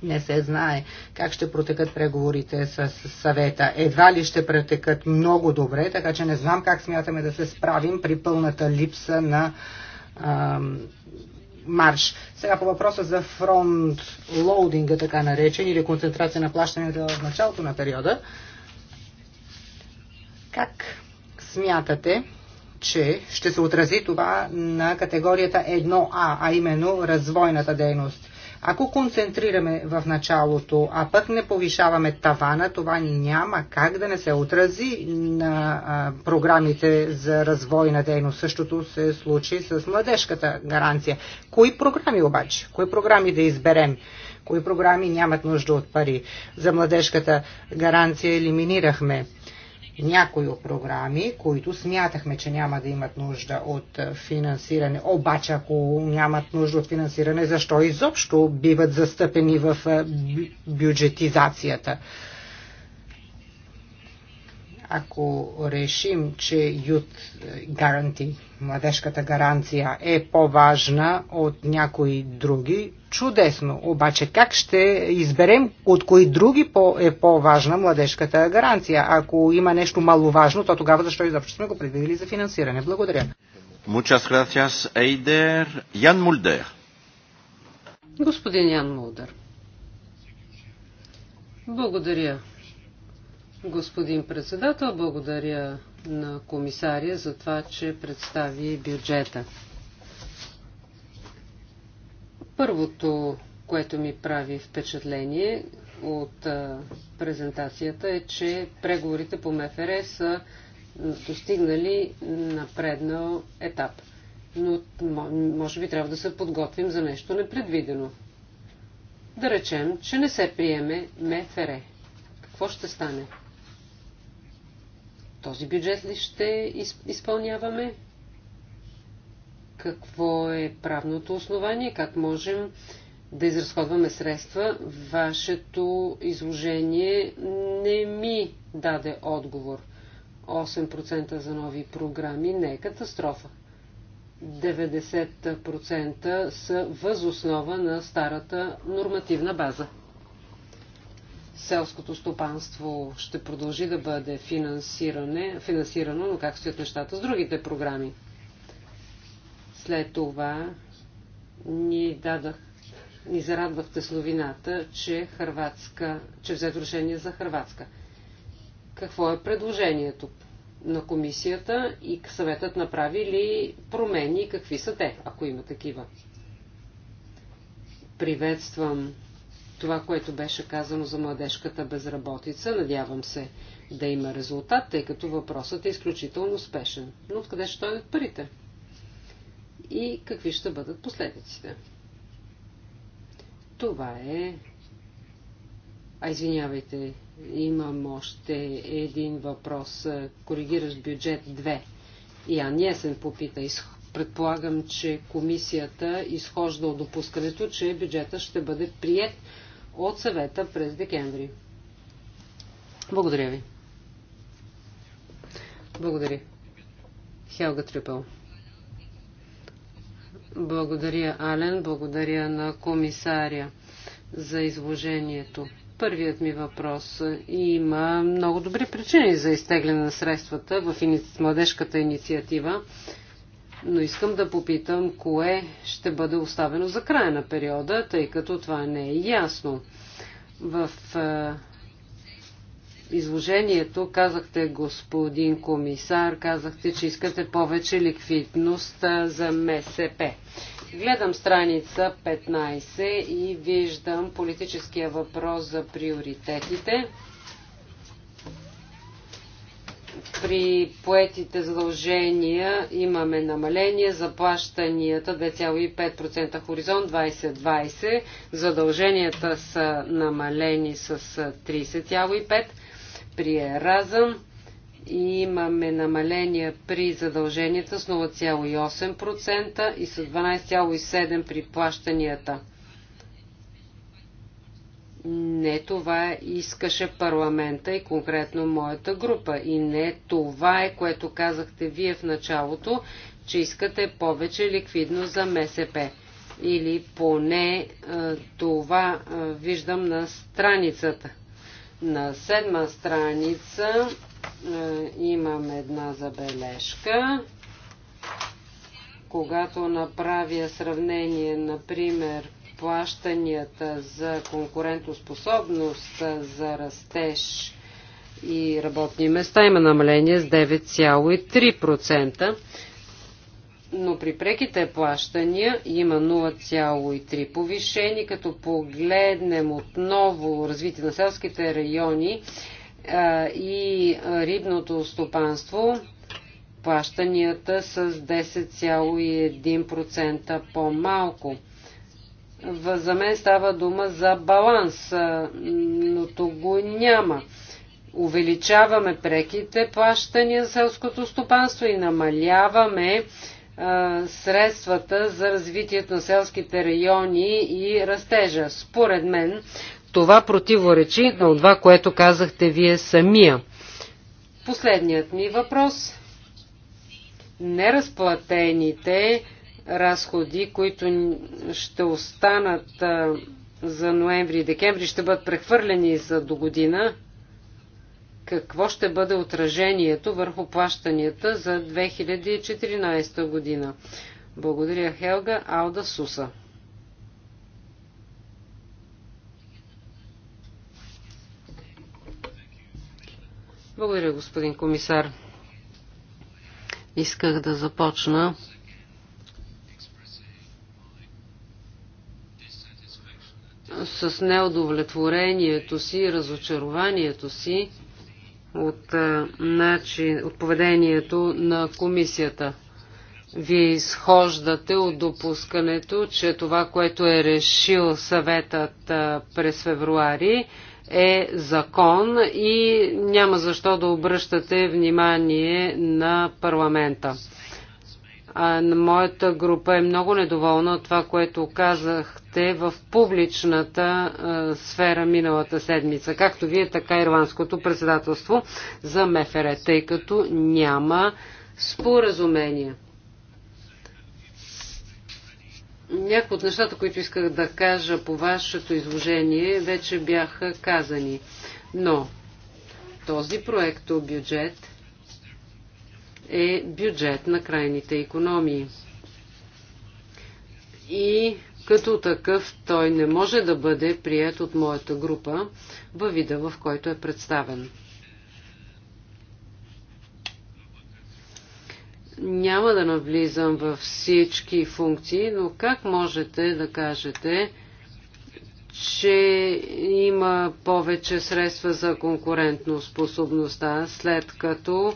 Не се знае как ще протекат преговорите с съвета. Едва ли ще протекат много добре, така че не знам как смятаме да се справим при пълната липса на ам, марш. Сега по въпроса за фронтлоудинга, така наречен, или концентрация на плащанията в началото на периода. Как смятате, че ще се отрази това на категорията 1А, а именно развойната дейност. Ако концентрираме в началото, а пък не повишаваме тавана, това ни няма как да не се отрази на а, програмите за на дейност. Същото се случи с младежката гаранция. Кои програми обаче? Кои програми да изберем? Кои програми нямат нужда от пари? За младежката гаранция елиминирахме някои програми, които смятахме, че няма да имат нужда от е, финансиране. Обаче, ако нямат нужда от финансиране, защо изобщо биват застъпени в е, бюджетизацията? ако решим, че Youth Guarantee, младежката гаранция е по-важна от някои други, чудесно. Обаче как ще изберем от кои други по- е по-важна младежката гаранция? Ако има нещо маловажно, то тогава защо изобщо сме го предвидили за финансиране? Благодаря. Muchas gracias, Eider. Ян Мулдер. Господин Ян Мулдер. Благодаря, Господин председател, благодаря на комисария за това, че представи бюджета. Първото, което ми прави впечатление от презентацията е, че преговорите по МФР са достигнали напреднал етап. Но може би трябва да се подготвим за нещо непредвидено. Да речем, че не се приеме МФР. Какво ще стане? Този бюджет ли ще изпълняваме? Какво е правното основание? Как можем да изразходваме средства? Вашето изложение не ми даде отговор. 8% за нови програми не е катастрофа. 90% са възоснова на старата нормативна база селското стопанство ще продължи да бъде финансирано, но как стоят нещата с другите програми. След това ни дадах, ни зарадвахте словината, че, Хрватска, че взето решение за Хрватска. Какво е предложението на комисията и съветът направи ли промени и какви са те, ако има такива? Приветствам това, което беше казано за младежката безработица. Надявам се да има резултат, тъй като въпросът е изключително спешен. Но откъде ще дойдат парите? И какви ще бъдат последиците? Това е... А, извинявайте, имам още един въпрос. Коригираш бюджет 2. И Аниесен попита, изход предполагам, че комисията изхожда от допускането, че бюджета ще бъде прият от съвета през декември. Благодаря ви. Благодаря. Хелга Трипъл. Благодаря, Ален. Благодаря на комисаря за изложението. Първият ми въпрос. Има много добри причини за изтегляне на средствата в младежката инициатива. Но искам да попитам, кое ще бъде оставено за края на периода, тъй като това не е ясно. В е, изложението казахте, господин комисар, казахте, че искате повече ликвидност е, за МСП. Гледам страница 15 и виждам политическия въпрос за приоритетите. При поетите задължения имаме намаление за плащанията 2,5% хоризонт 2020. Задълженията са намалени с 30,5%. При Еразъм и имаме намаление при задълженията с 0,8% и с 12,7% при плащанията не това искаше парламента и конкретно моята група. И не това е, което казахте вие в началото, че искате повече ликвидно за МСП. Или поне това виждам на страницата. На седма страница имам една забележка. Когато направя сравнение, например, плащанията за конкурентоспособност, за растеж и работни места има намаление с 9,3%, но при преките плащания има 0,3 повишени, като погледнем отново развитие на селските райони а, и рибното стопанство, плащанията с 10,1% по-малко. За мен става дума за баланс, но то го няма. Увеличаваме преките плащания за селското стопанство и намаляваме средствата за развитието на селските райони и растежа. Според мен това противоречи на това, което казахте вие самия. Последният ми въпрос. Неразплатените разходи, които ще останат за ноември и декември, ще бъдат прехвърлени за до година, какво ще бъде отражението върху плащанията за 2014 година? Благодаря, Хелга. Алда Суса. Благодаря, господин комисар. Исках да започна с неудовлетворението си разочарованието си от, начин, от поведението на комисията. Вие изхождате от допускането, че това, което е решил съветът през февруари, е закон и няма защо да обръщате внимание на парламента. А, моята група е много недоволна от това, което казахте в публичната а, сфера миналата седмица, както вие, така и ирландското председателство за МФР, тъй като няма споразумение. Някои от нещата, които исках да кажа по вашето изложение, вече бяха казани. Но този проект бюджет е бюджет на крайните економии. И като такъв той не може да бъде прият от моята група във вида, в който е представен. Няма да навлизам във всички функции, но как можете да кажете, че има повече средства за конкурентно способността, след като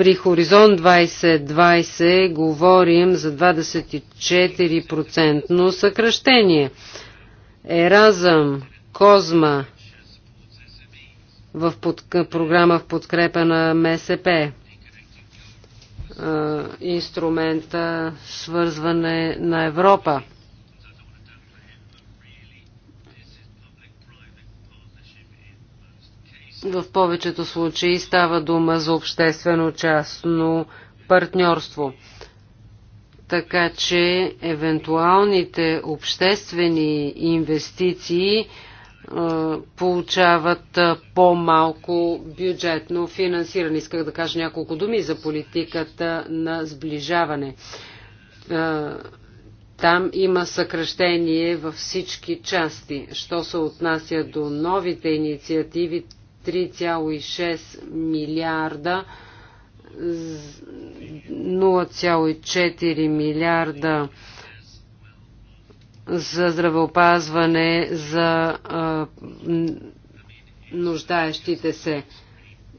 при Хоризонт 2020 говорим за 24% съкръщение. Еразъм, Козма в под... програма в подкрепа на МСП. Инструмента свързване на Европа. В повечето случаи става дума за обществено-частно партньорство. Така че евентуалните обществени инвестиции е, получават е, по-малко бюджетно финансиране. Исках да кажа няколко думи за политиката на сближаване. Е, там има съкръщение във всички части. Що се отнася до новите инициативи, 3,6 милиарда, 0,4 милиарда за здравеопазване, за а, нуждаещите се.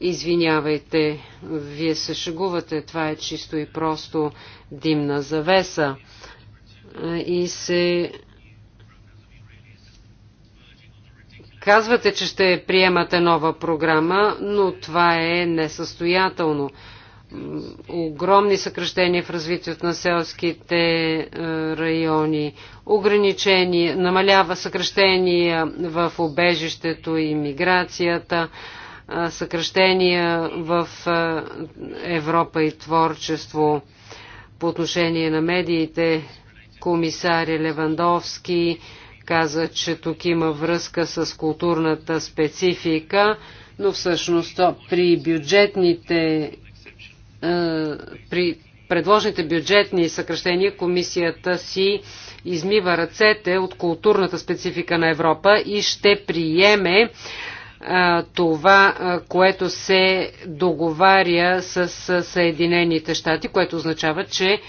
Извинявайте, вие се шегувате, това е чисто и просто димна завеса. И се Казвате, че ще приемате нова програма, но това е несъстоятелно. Огромни съкръщения в развитието на селските е, райони, ограничени, намалява съкръщения в обежището и миграцията, е, съкръщения в е, Европа и творчество по отношение на медиите, комисари Левандовски, каза, че тук има връзка с културната специфика, но всъщност при бюджетните е, при предложените бюджетни съкръщения комисията си измива ръцете от културната специфика на Европа и ще приеме е, това, е, което се договаря с Съединените щати, което означава, че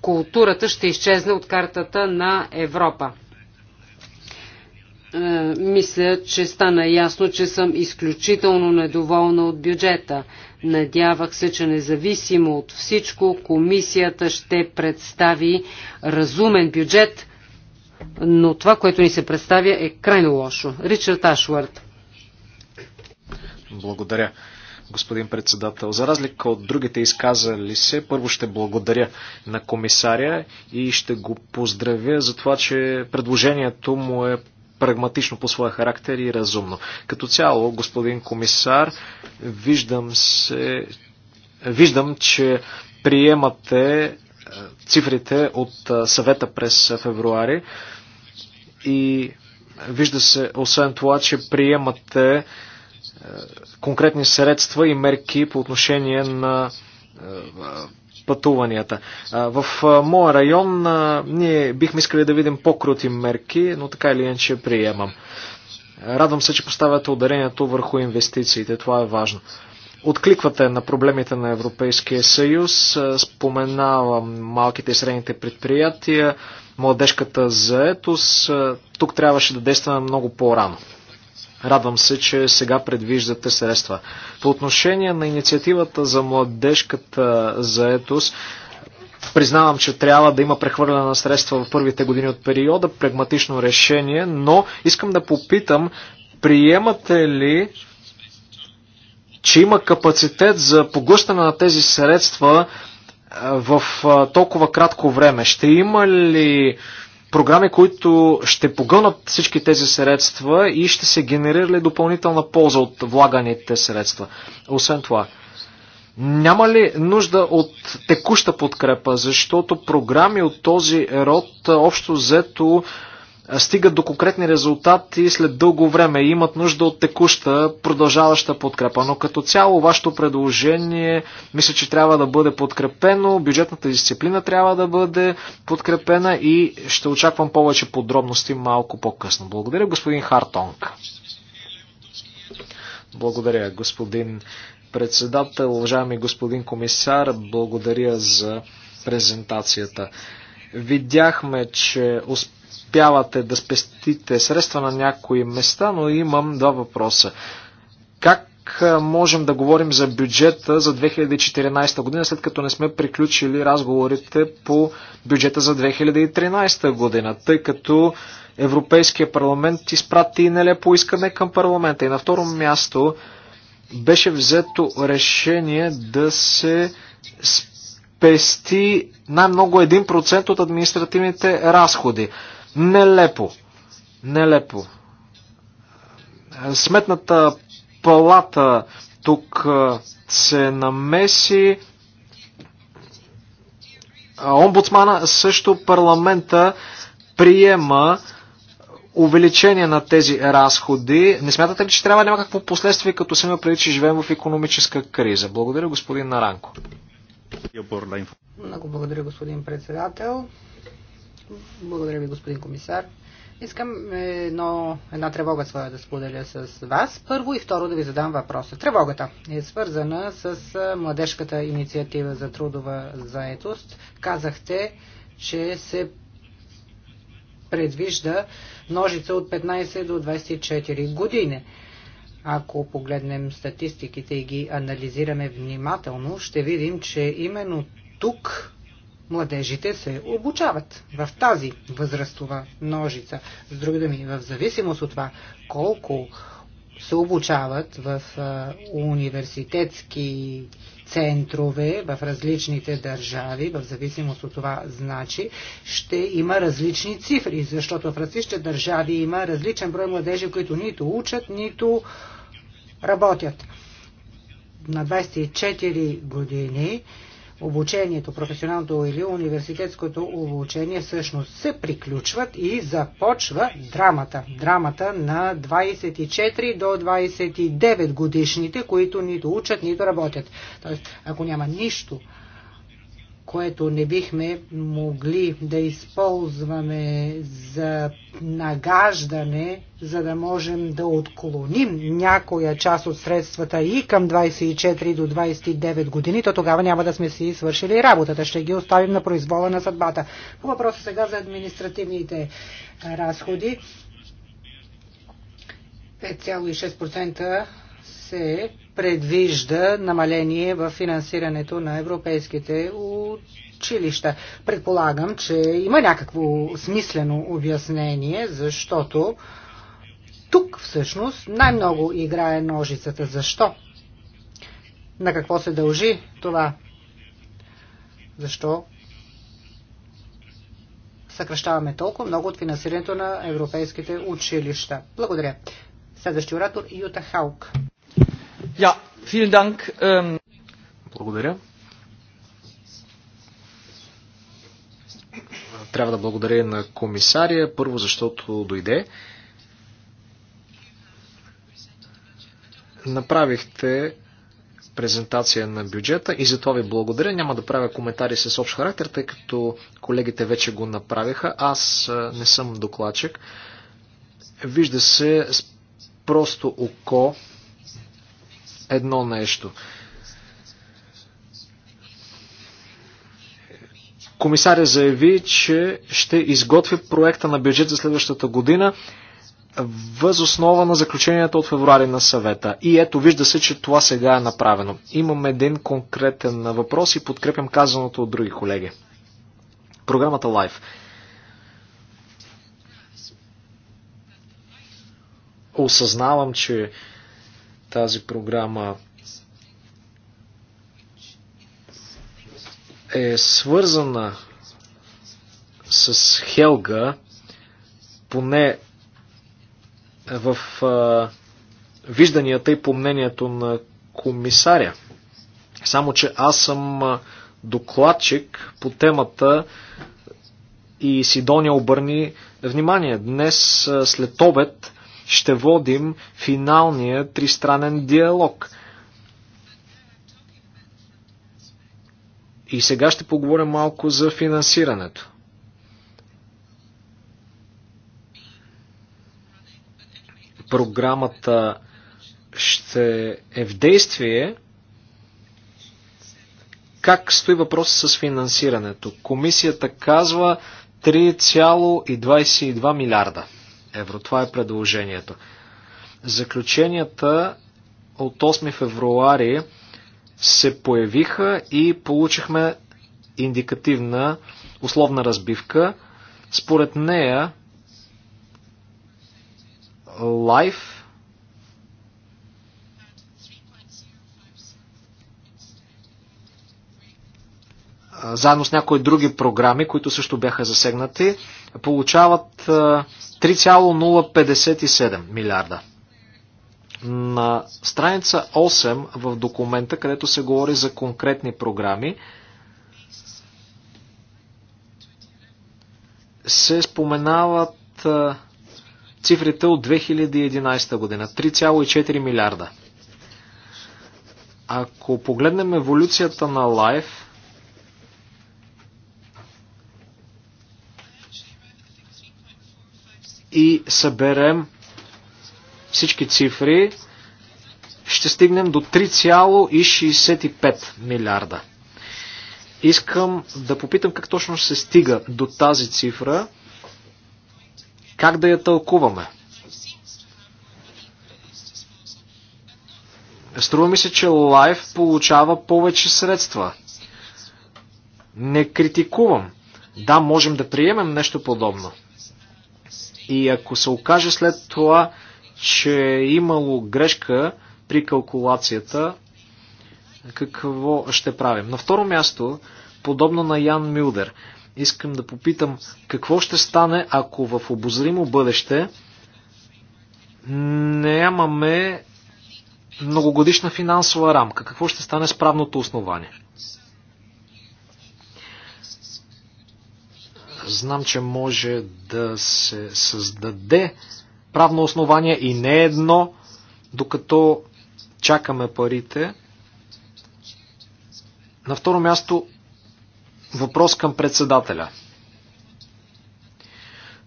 културата ще изчезне от картата на Европа. Е, мисля, че стана ясно, че съм изключително недоволна от бюджета. Надявах се, че независимо от всичко, комисията ще представи разумен бюджет, но това, което ни се представя, е крайно лошо. Ричард Ашвард. Благодаря, господин председател. За разлика от другите изказали се, първо ще благодаря на комисаря и ще го поздравя за това, че предложението му е прагматично по своя характер и разумно. Като цяло, господин комисар, виждам, се, виждам че приемате е, цифрите от е, съвета през февруари и вижда се, освен това, че приемате е, конкретни средства и мерки по отношение на пътуванията. В моя район ние бихме искали да видим по-крути мерки, но така или иначе приемам. Радвам се, че поставяте ударението върху инвестициите. Това е важно. Откликвате на проблемите на Европейския съюз, споменавам малките и средните предприятия, младежката заетост. Тук трябваше да действаме много по-рано. Радвам се, че сега предвиждате средства. По отношение на инициативата за младежката заетост, признавам, че трябва да има прехвърляне на средства в първите години от периода, прагматично решение, но искам да попитам, приемате ли че има капацитет за поглъщане на тези средства в толкова кратко време? Ще има ли програми, които ще погълнат всички тези средства и ще се генерира ли допълнителна полза от влаганите средства. Освен това, няма ли нужда от текуща подкрепа, защото програми от този род общо взето стигат до конкретни резултати след дълго време и имат нужда от текуща, продължаваща подкрепа. Но като цяло вашето предложение мисля, че трябва да бъде подкрепено, бюджетната дисциплина трябва да бъде подкрепена и ще очаквам повече подробности малко по-късно. Благодаря, господин Хартонг. Благодаря, господин председател, уважаеми господин комисар, благодаря за презентацията. Видяхме, че успехът успявате да спестите средства на някои места, но имам два въпроса. Как можем да говорим за бюджета за 2014 година, след като не сме приключили разговорите по бюджета за 2013 година, тъй като Европейския парламент изпрати нелепо искане към парламента. И на второ място беше взето решение да се спести най-много 1% от административните разходи. Нелепо. Нелепо. Сметната палата тук се намеси. Омбудсмана също парламента приема увеличение на тези разходи. Не смятате ли, че трябва да има какво последствие, като се има преди, че живеем в економическа криза? Благодаря, господин Наранко. Много благодаря, господин председател. Благодаря ви, господин комисар. Искам едно, една тревога своя да споделя с вас. Първо и второ да ви задам въпроса. Тревогата е свързана с младежката инициатива за трудова заетост. Казахте, че се предвижда ножица от 15 до 24 години. Ако погледнем статистиките и ги анализираме внимателно, ще видим, че именно тук младежите се обучават в тази възрастова ножица. С други думи, в зависимост от това колко се обучават в университетски центрове в различните държави, в зависимост от това значи, ще има различни цифри, защото в различните държави има различен брой младежи, които нито учат, нито работят. На 24 години обучението, професионалното или университетското обучение всъщност се приключват и започва драмата. Драмата на 24 до 29 годишните, които нито учат, нито работят. Тоест, ако няма нищо което не бихме могли да използваме за нагаждане, за да можем да отклоним някоя част от средствата и към 24 до 29 години, то тогава няма да сме си свършили работата. Ще ги оставим на произвола на съдбата. По въпроса сега за административните разходи. 5,6% се предвижда намаление в финансирането на европейските училища. Предполагам, че има някакво смислено обяснение, защото тук всъщност най-много играе ножицата. Защо? На какво се дължи това? Защо съкръщаваме толкова много от финансирането на европейските училища? Благодаря. Следващия оратор Юта Хаук. Ja, vielen Dank. Ähm, благодаря. Трябва да благодаря на комисария, първо защото дойде. Направихте презентация на бюджета и за това ви благодаря. Няма да правя коментари с общ характер, тъй като колегите вече го направиха. Аз не съм докладчик. Вижда се просто око едно нещо. Комисаря заяви, че ще изготви проекта на бюджет за следващата година въз основа на заключенията от февруари на съвета. И ето, вижда се, че това сега е направено. Имам един конкретен въпрос и подкрепям казаното от други колеги. Програмата Live. Осъзнавам, че тази програма е свързана с Хелга, поне в а, вижданията и по мнението на комисаря. Само, че аз съм докладчик по темата и Сидония обърни внимание. Днес след обед ще водим финалния тристранен диалог. И сега ще поговорим малко за финансирането. Програмата ще е в действие. Как стои въпросът с финансирането? Комисията казва 3,22 милиарда евро. Това е предложението. Заключенията от 8 февруари се появиха и получихме индикативна условна разбивка. Според нея Life заедно с някои други програми, които също бяха засегнати, получават 3,057 милиарда. На страница 8 в документа, където се говори за конкретни програми, се споменават цифрите от 2011 година 3,4 милиарда. Ако погледнем еволюцията на Life, и съберем всички цифри, ще стигнем до 3,65 милиарда. Искам да попитам как точно се стига до тази цифра, как да я тълкуваме. Струва ми се, че Лайф получава повече средства. Не критикувам. Да, можем да приемем нещо подобно. И ако се окаже след това, че е имало грешка при калкулацията, какво ще правим? На второ място, подобно на Ян Милдер, искам да попитам какво ще стане, ако в обозримо бъдеще нямаме многогодишна финансова рамка. Какво ще стане с правното основание? Знам, че може да се създаде правно основание и не едно, докато чакаме парите. На второ място въпрос към председателя.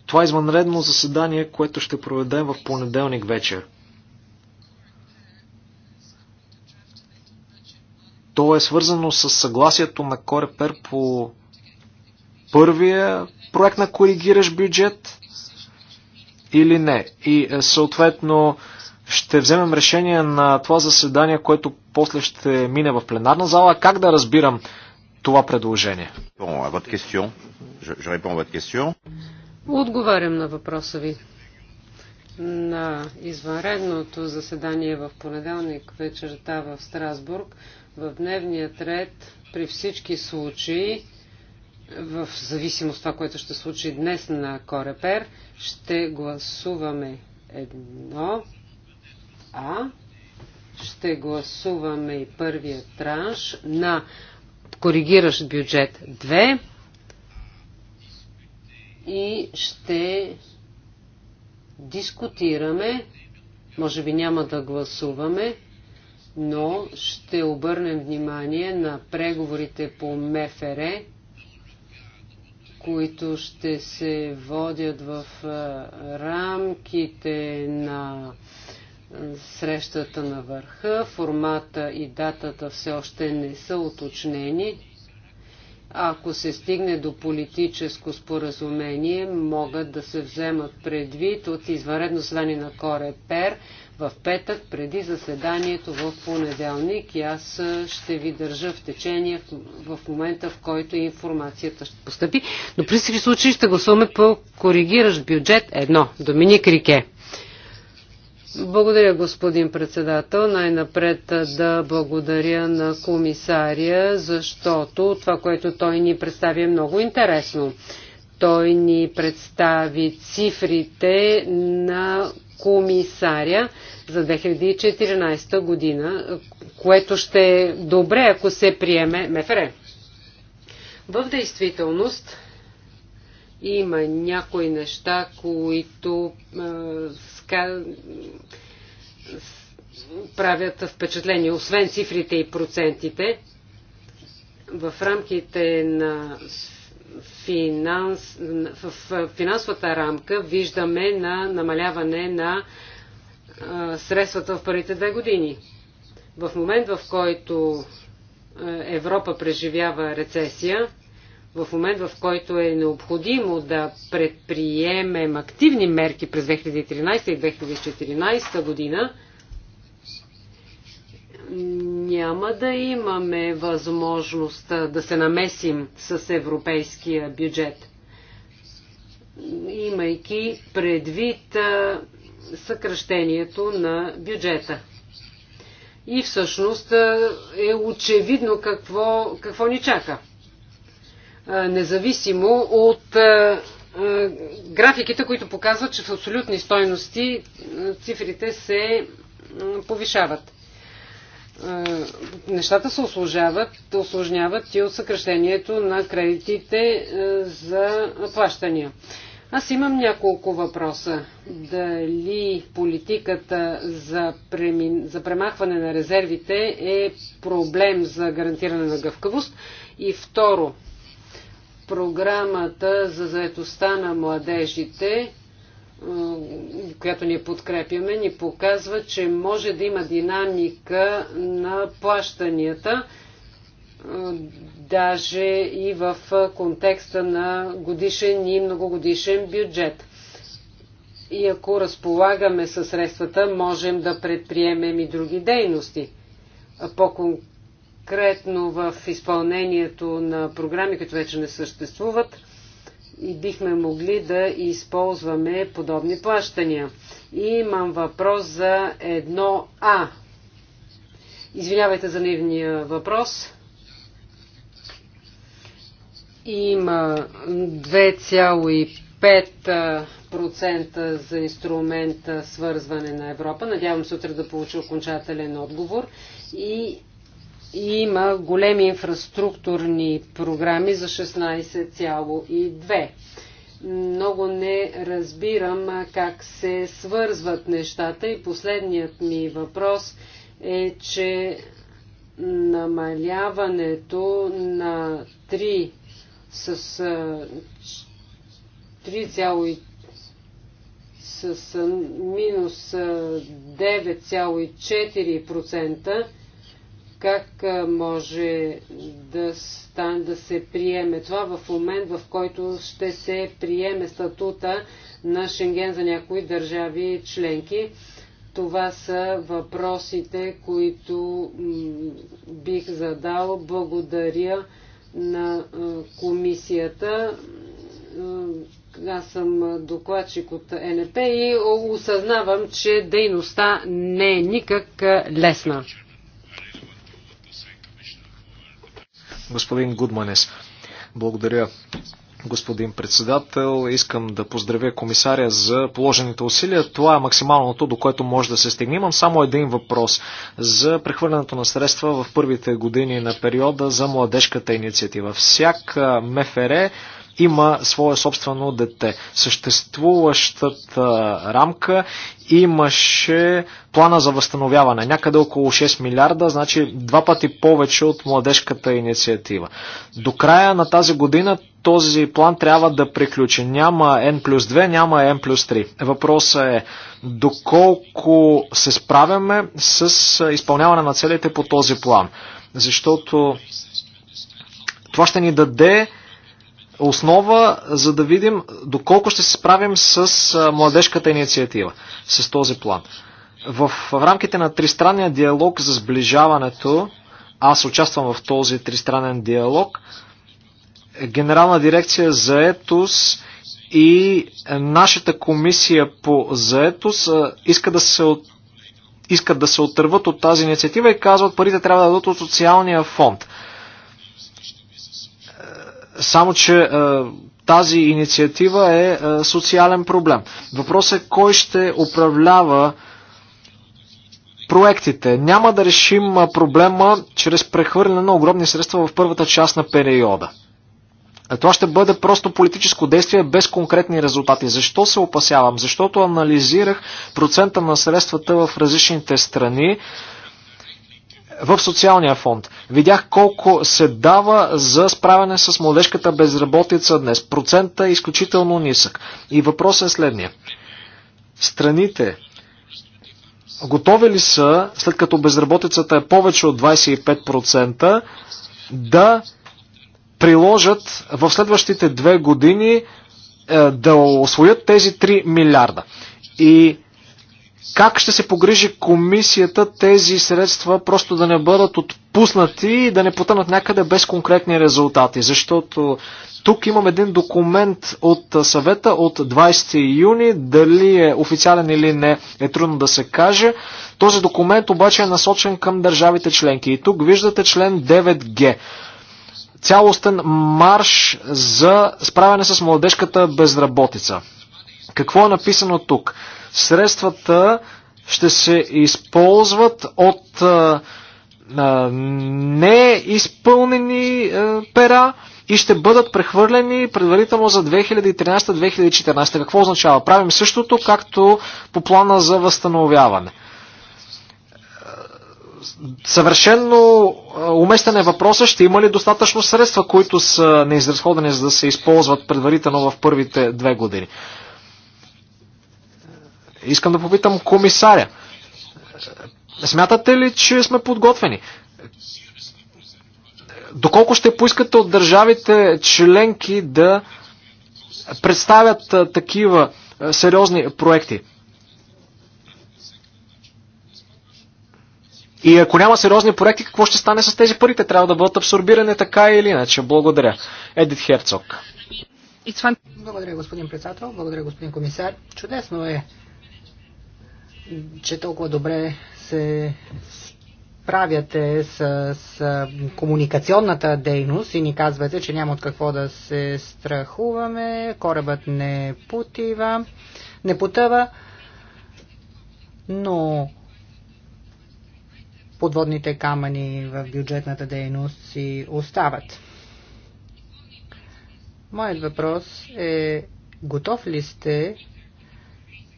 Това е извънредно заседание, което ще проведем в понеделник вечер. То е свързано с съгласието на Корепер по първия проект на коригираш бюджет или не. И е, съответно ще вземем решение на това заседание, което после ще мине в пленарна зала. Как да разбирам това предложение? Отговарям на въпроса ви. На извънредното заседание в понеделник вечерта в Страсбург в дневния ред при всички случаи в зависимост от това, което ще случи днес на Корепер, ще гласуваме едно А, ще гласуваме и първия транш на коригиращ бюджет 2 и ще дискутираме, може би няма да гласуваме, но ще обърнем внимание на преговорите по МФР които ще се водят в рамките на срещата на върха. Формата и датата все още не са уточнени. Ако се стигне до политическо споразумение, могат да се вземат предвид от извънредно съдание на Корепер в петък, преди заседанието в понеделник и аз ще ви държа в течение в, момента, в който информацията ще постъпи. Но при всички случаи ще гласуваме по коригиращ бюджет едно. Доминик Рике. Благодаря, господин председател. Най-напред да благодаря на комисария, защото това, което той ни представи е много интересно. Той ни представи цифрите на комисаря за 2014 година, което ще е добре, ако се приеме МФР. В действителност има някои неща, които е, ска, правят впечатление, освен цифрите и процентите. В рамките на финанс, в финансовата рамка виждаме на намаляване на средствата в първите две години. В момент, в който Европа преживява рецесия, в момент, в който е необходимо да предприемем активни мерки през 2013 и 2014 година, няма да имаме възможност да се намесим с европейския бюджет, имайки предвид съкръщението на бюджета. И всъщност е очевидно какво, какво ни чака. Независимо от графиките, които показват, че в абсолютни стойности цифрите се повишават нещата се осложняват, осложняват и от съкрещението на кредитите за плащания. Аз имам няколко въпроса. Дали политиката за, преми... за премахване на резервите е проблем за гарантиране на гъвкавост? И второ, програмата за заедостта на младежите която ние подкрепяме, ни показва, че може да има динамика на плащанията, даже и в контекста на годишен и многогодишен бюджет. И ако разполагаме със средствата, можем да предприемем и други дейности. По-конкретно в изпълнението на програми, които вече не съществуват – и бихме могли да използваме подобни плащания. И имам въпрос за едно А. Извинявайте за наивния въпрос. Има 2,5% за инструмента свързване на Европа. Надявам се утре да получа окончателен отговор. И има големи инфраструктурни програми за 16,2. Много не разбирам как се свързват нещата и последният ми въпрос е, че намаляването на 3 с 3,3 с минус 9,4% как може да, стан, да се приеме това в момент, в който ще се приеме статута на Шенген за някои държави членки. Това са въпросите, които бих задал. Благодаря на комисията. Аз съм докладчик от НП и осъзнавам, че дейността не е никак лесна. Господин Гудманес, благодаря. Господин председател, искам да поздравя комисаря за положените усилия. Това е максималното, до което може да се стигне. Имам само един въпрос за прехвърлянето на средства в първите години на периода за младежката инициатива. Всяка МФР има свое собствено дете. Съществуващата рамка имаше плана за възстановяване. Някъде около 6 милиарда, значи два пъти повече от младежката инициатива. До края на тази година този план трябва да приключи. Няма N плюс 2, няма N плюс 3. Въпросът е доколко се справяме с изпълняване на целите по този план. Защото това ще ни даде основа, за да видим доколко ще се справим с младежката инициатива, с този план. В, рамките на тристранния диалог за сближаването, аз участвам в този тристранен диалог, Генерална дирекция за етос и нашата комисия по заетост искат да се от искат да се отърват от тази инициатива и казват парите трябва да дадат от социалния фонд. Само, че е, тази инициатива е, е социален проблем. Въпросът е кой ще управлява проектите. Няма да решим е, проблема чрез прехвърляне на огромни средства в първата част на периода. Това ще бъде просто политическо действие без конкретни резултати. Защо се опасявам? Защото анализирах процента на средствата в различните страни в социалния фонд. Видях колко се дава за справяне с младежката безработица днес. Процента е изключително нисък. И въпросът е следния. Страните готови ли са, след като безработицата е повече от 25%, да приложат в следващите две години е, да освоят тези 3 милиарда. И как ще се погрижи комисията тези средства просто да не бъдат отпуснати и да не потънат някъде без конкретни резултати? Защото тук имам един документ от съвета от 20 юни, дали е официален или не е трудно да се каже. Този документ обаче е насочен към държавите членки. И тук виждате член 9Г цялостен марш за справяне с младежката безработица. Какво е написано тук? Средствата ще се използват от неизпълнени пера и ще бъдат прехвърлени предварително за 2013-2014. Какво означава? Правим същото, както по плана за възстановяване. Съвършенно уместен е въпросът, ще има ли достатъчно средства, които са неизразходени, за да се използват предварително в първите две години. Искам да попитам комисаря. Смятате ли, че сме подготвени? Доколко ще поискате от държавите членки да представят такива сериозни проекти? И ако няма сериозни проекти, какво ще стане с тези парите? Трябва да бъдат абсорбирани така или иначе. Благодаря. Едит Херцог. Благодаря, господин председател. Благодаря, господин комисар. Чудесно е че толкова добре се справяте с, с комуникационната дейност и ни казвате, че няма от какво да се страхуваме, корабът не потива, не потъва, но подводните камъни в бюджетната дейност си остават. Моят въпрос е готов ли сте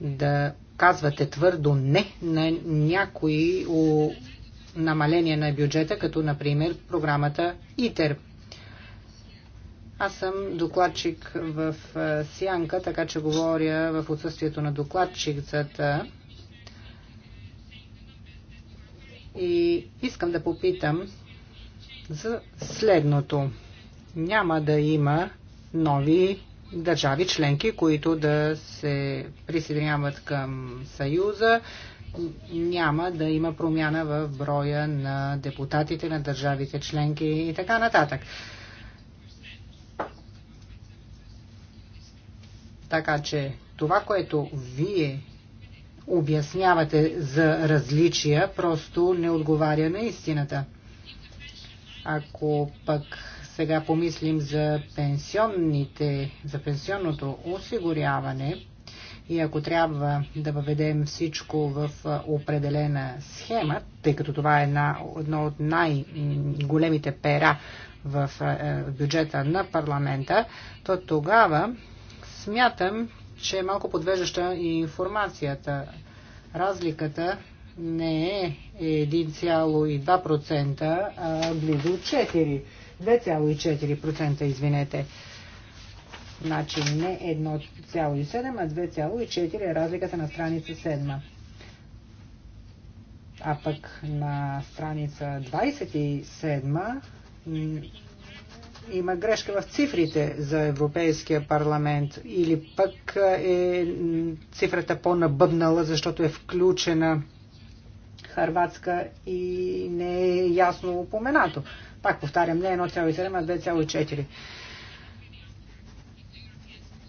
да казвате твърдо не на някои намаления на бюджета, като например програмата ИТЕР. Аз съм докладчик в Сянка, така че говоря в отсъствието на докладчицата. И искам да попитам за следното. Няма да има нови държави членки, които да се присъединяват към Съюза, няма да има промяна в броя на депутатите на държавите членки и така нататък. Така че това, което вие обяснявате за различия, просто не отговаря на истината. Ако пък сега помислим за пенсионните, за пенсионното осигуряване и ако трябва да въведем всичко в определена схема, тъй като това е една, едно от най-големите пера в бюджета на парламента, то тогава смятам, че е малко подвеждаща и информацията. Разликата не е 1,2%, а близо 4%. 2,4%, извинете. Значи не 1,7, а 2,4 е разликата на страница 7. А пък на страница 27 има грешка в цифрите за Европейския парламент или пък е цифрата по-набъбнала, защото е включена Харватска и не е ясно упоменато. Пак повтарям, не 1,7, е а 2,4.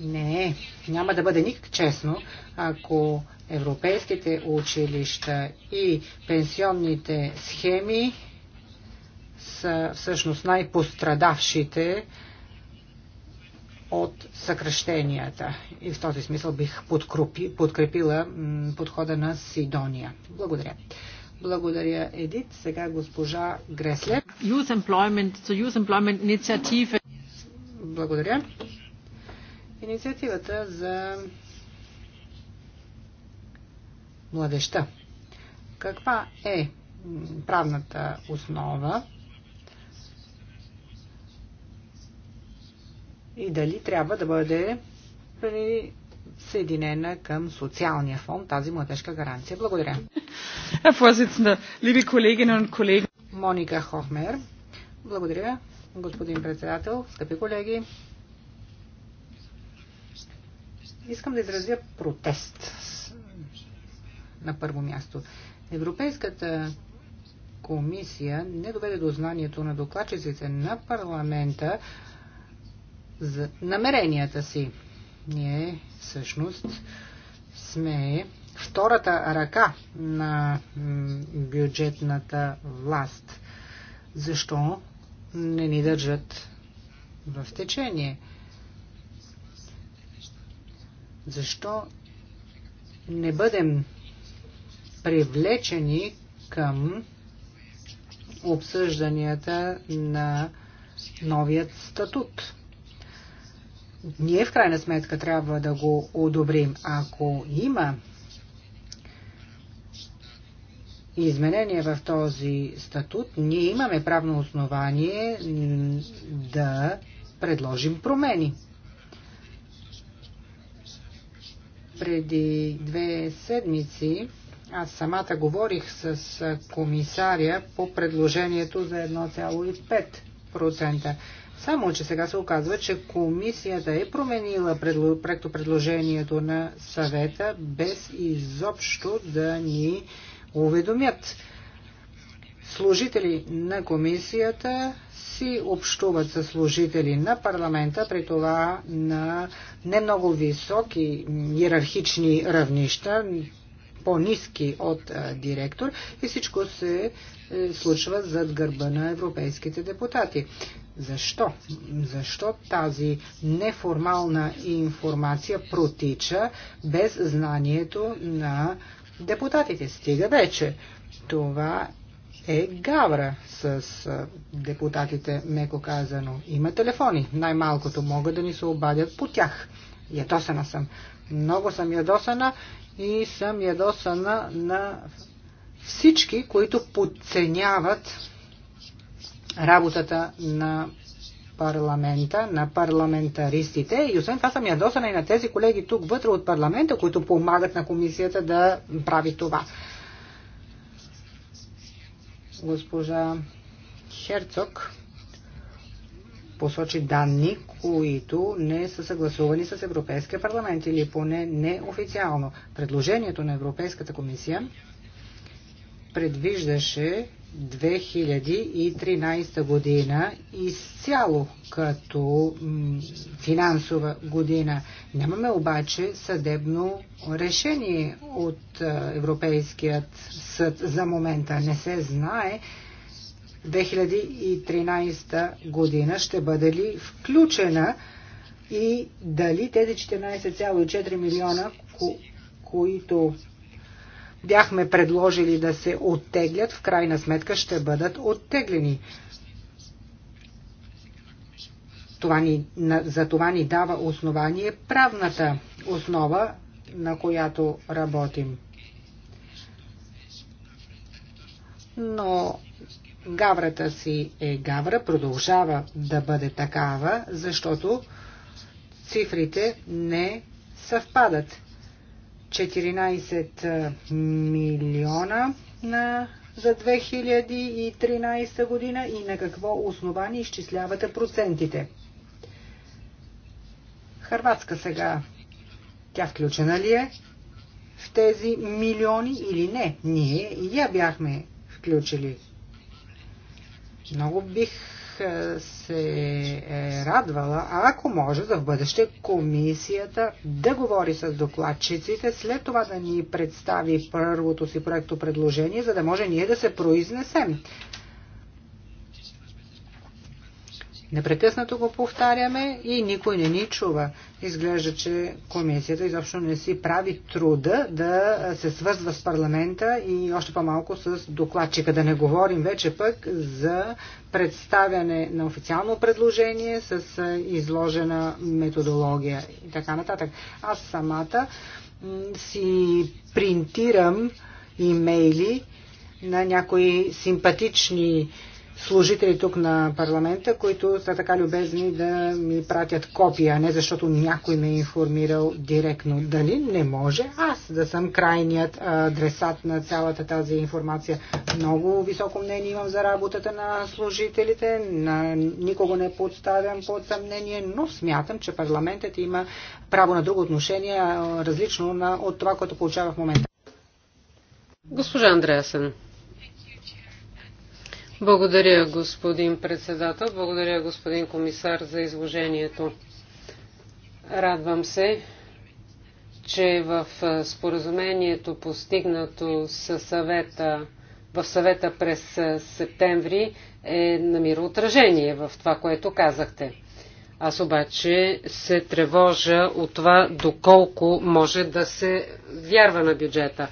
Не, няма да бъде никак честно, ако европейските училища и пенсионните схеми са всъщност най-пострадавшите от съкръщенията. И в този смисъл бих подкрепила подхода на Сидония. Благодаря. Благодаря, Едит. Сега госпожа Греслер. Youth Employment, so Youth Employment Initiative. Благодаря. Инициативата за младеща. Каква е правната основа и дали трябва да бъде при съединена към социалния фонд, тази младежка гаранция. Благодаря. Моника Хохмер. Благодаря, господин председател, скъпи колеги. Искам да изразя протест на първо място. Европейската комисия не доведе до знанието на докладчиците на парламента за намеренията си ние всъщност сме втората ръка на бюджетната власт. Защо не ни държат в течение? Защо не бъдем привлечени към обсъжданията на новият статут? ние в крайна сметка трябва да го одобрим. Ако има изменения в този статут, ние имаме правно основание да предложим промени. Преди две седмици аз самата говорих с комисаря по предложението за 1,5% само, че сега се оказва, че комисията е променила предло... предложението на съвета без изобщо да ни уведомят. Служители на комисията си общуват с служители на парламента, при това на не много високи иерархични равнища, по-низки от директор и всичко се е, случва зад гърба на европейските депутати. Защо? Защо тази неформална информация протича без знанието на депутатите? Стига вече. Това е гавра с депутатите, меко казано. Има телефони. Най-малкото могат да ни се обадят по тях. Ядосана съм. Много съм ядосана и съм ядосана на всички, които подценяват работата на парламента, на парламентаристите. И освен това съм ядосана и на тези колеги тук вътре от парламента, които помагат на комисията да прави това. Госпожа Херцог посочи данни, които не са съгласувани с Европейския парламент или поне неофициално. Предложението на Европейската комисия предвиждаше 2013 година изцяло като финансова година. Нямаме обаче съдебно решение от Европейският съд за момента. Не се знае 2013 година ще бъде ли включена и дали тези 14,4 милиона, ко които бяхме предложили да се оттеглят, в крайна сметка ще бъдат оттеглени. Това ни, за това ни дава основание правната основа, на която работим. Но Гаврата си е гавра, продължава да бъде такава, защото цифрите не съвпадат. 14 милиона на, за 2013 година и на какво основание изчислявате процентите. Харватска сега, тя включена ли е в тези милиони или не? Ние и я бяхме включили много бих е, се е, радвала, ако може за в бъдеще комисията да говори с докладчиците, след това да ни представи първото си проекто предложение, за да може ние да се произнесем. Непрекъснато го повтаряме и никой не ни чува. Изглежда, че комисията изобщо не си прави труда да се свързва с парламента и още по-малко с докладчика. Да не говорим вече пък за представяне на официално предложение с изложена методология и така нататък. Аз самата си принтирам имейли на някои симпатични служители тук на парламента, които са така любезни да ми пратят копия, а не защото някой ме е информирал директно. Дали не може аз да съм крайният адресат на цялата тази информация? Много високо мнение имам за работата на служителите, на никого не подставям под съмнение, но смятам, че парламентът има право на друго отношение, различно на, от това, което получава в момента. Госпожа Андреасен. Благодаря, господин председател. Благодаря, господин комисар, за изложението. Радвам се, че в споразумението постигнато със съвета, в съвета през септември е намира отражение в това, което казахте. Аз обаче се тревожа от това доколко може да се вярва на бюджета.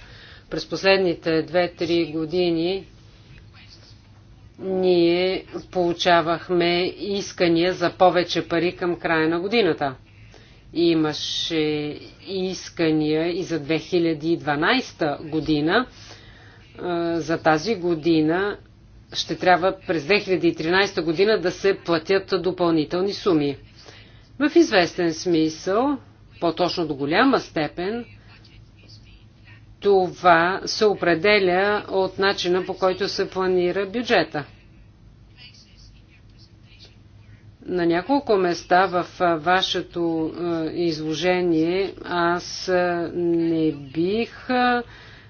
През последните 2-3 години ние получавахме искания за повече пари към края на годината. Имаше искания и за 2012 година. За тази година ще трябва през 2013 година да се платят допълнителни суми. В известен смисъл, по-точно до голяма степен, това се определя от начина по който се планира бюджета. На няколко места в вашето изложение аз не бих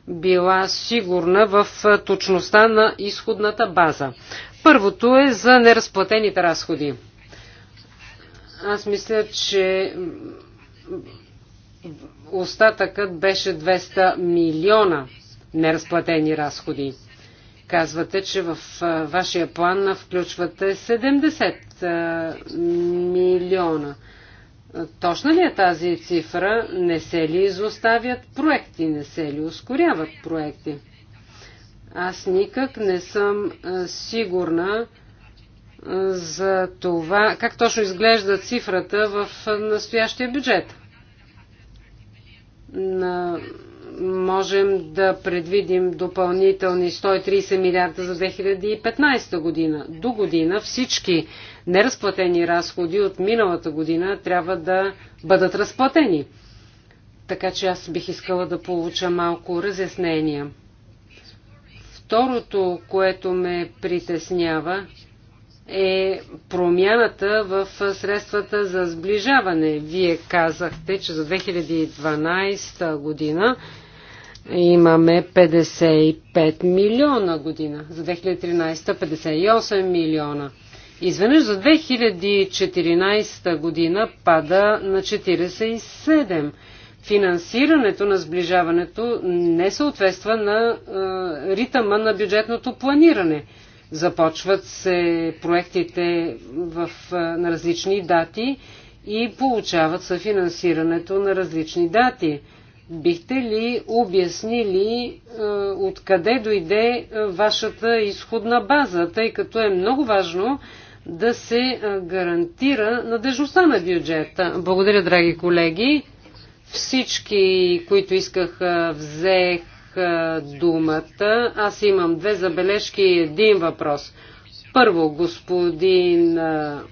била сигурна в точността на изходната база. Първото е за неразплатените разходи. Аз мисля, че остатъкът беше 200 милиона неразплатени разходи. Казвате, че в вашия план включвате 70 милиона. Точна ли е тази цифра? Не се ли изоставят проекти? Не се ли ускоряват проекти? Аз никак не съм сигурна за това как точно изглежда цифрата в настоящия бюджет можем да предвидим допълнителни 130 милиарда за 2015 година. До година всички неразплатени разходи от миналата година трябва да бъдат разплатени. Така че аз бих искала да получа малко разяснения. Второто, което ме притеснява, е промяната в средствата за сближаване. Вие казахте, че за 2012 година имаме 55 милиона година, за 2013 58 милиона. Изведнъж за 2014 година пада на 47. Финансирането на сближаването не съответства на е, ритъма на бюджетното планиране – Започват се проектите в, на различни дати и получават съфинансирането на различни дати. Бихте ли обяснили е, откъде дойде вашата изходна база, тъй като е много важно да се гарантира надежността на бюджета? Благодаря, драги колеги. Всички, които исках, взех думата. Аз имам две забележки и един въпрос. Първо, господин а,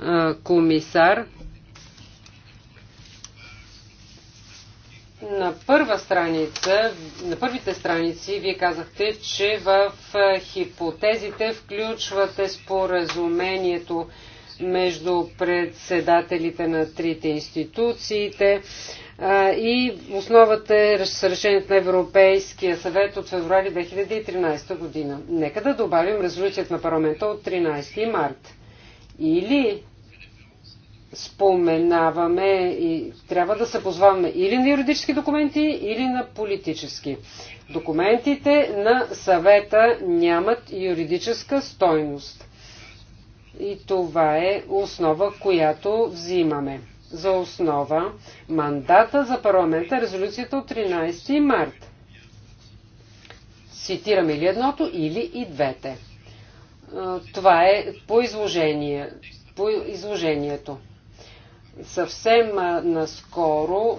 а, комисар, на първа страница, на първите страници вие казахте, че в хипотезите включвате споразумението между председателите на трите институциите, и основата е с решението на Европейския съвет от февруари 2013 година. Нека да добавим резолюцията на парламента от 13 март. Или споменаваме и трябва да се позваваме или на юридически документи, или на политически. Документите на съвета нямат юридическа стойност. И това е основа, която взимаме за основа мандата за парламента, резолюцията от 13 март. Цитираме или едното, или и двете. Това е по, изложение, по изложението съвсем наскоро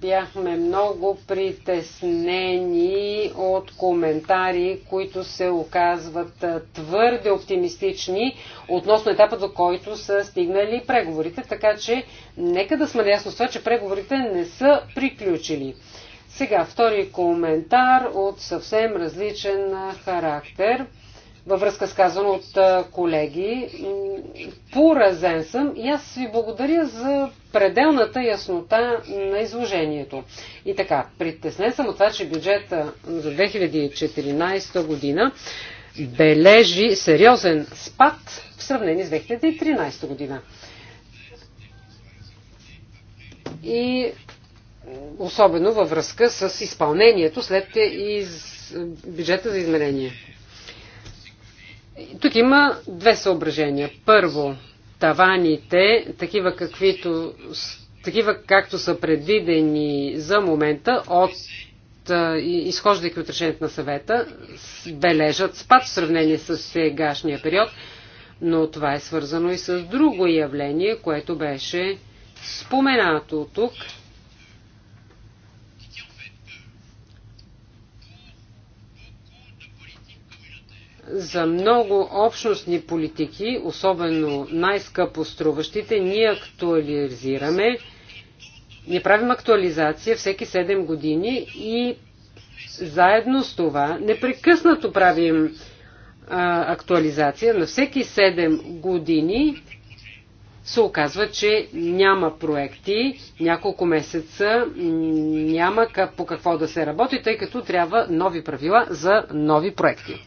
бяхме много притеснени от коментари, които се оказват твърде оптимистични относно етапа, до който са стигнали преговорите. Така че нека да сме наясно с това, че преговорите не са приключили. Сега, втори коментар от съвсем различен характер – във връзка с казано от колеги. Поразен съм и аз ви благодаря за пределната яснота на изложението. И така, притеснен съм от това, че бюджета за 2014 година бележи сериозен спад в сравнение с 2013 година. И особено във връзка с изпълнението след из... бюджета за изменение. Тук има две съображения. Първо, таваните, такива, каквито, такива както са предвидени за момента, от, изхождайки от решението на съвета, бележат спад в сравнение с сегашния период, но това е свързано и с друго явление, което беше споменато тук – за много общностни политики, особено най-скъпо струващите, ние актуализираме, ние правим актуализация всеки 7 години и заедно с това непрекъснато правим а, актуализация. На всеки 7 години се оказва, че няма проекти, няколко месеца няма по какво да се работи, тъй като трябва нови правила за нови проекти.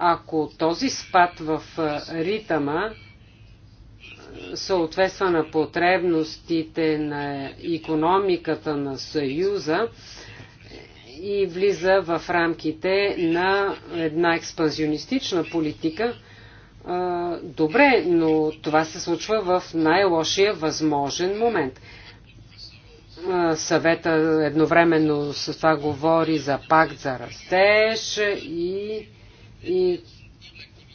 Ако този спад в ритъма съответства на потребностите на економиката на Съюза е, и влиза в рамките на една експанзионистична политика, добре, но това се случва в най-лошия възможен момент. Съвета едновременно с това говори за пакт за растеж и и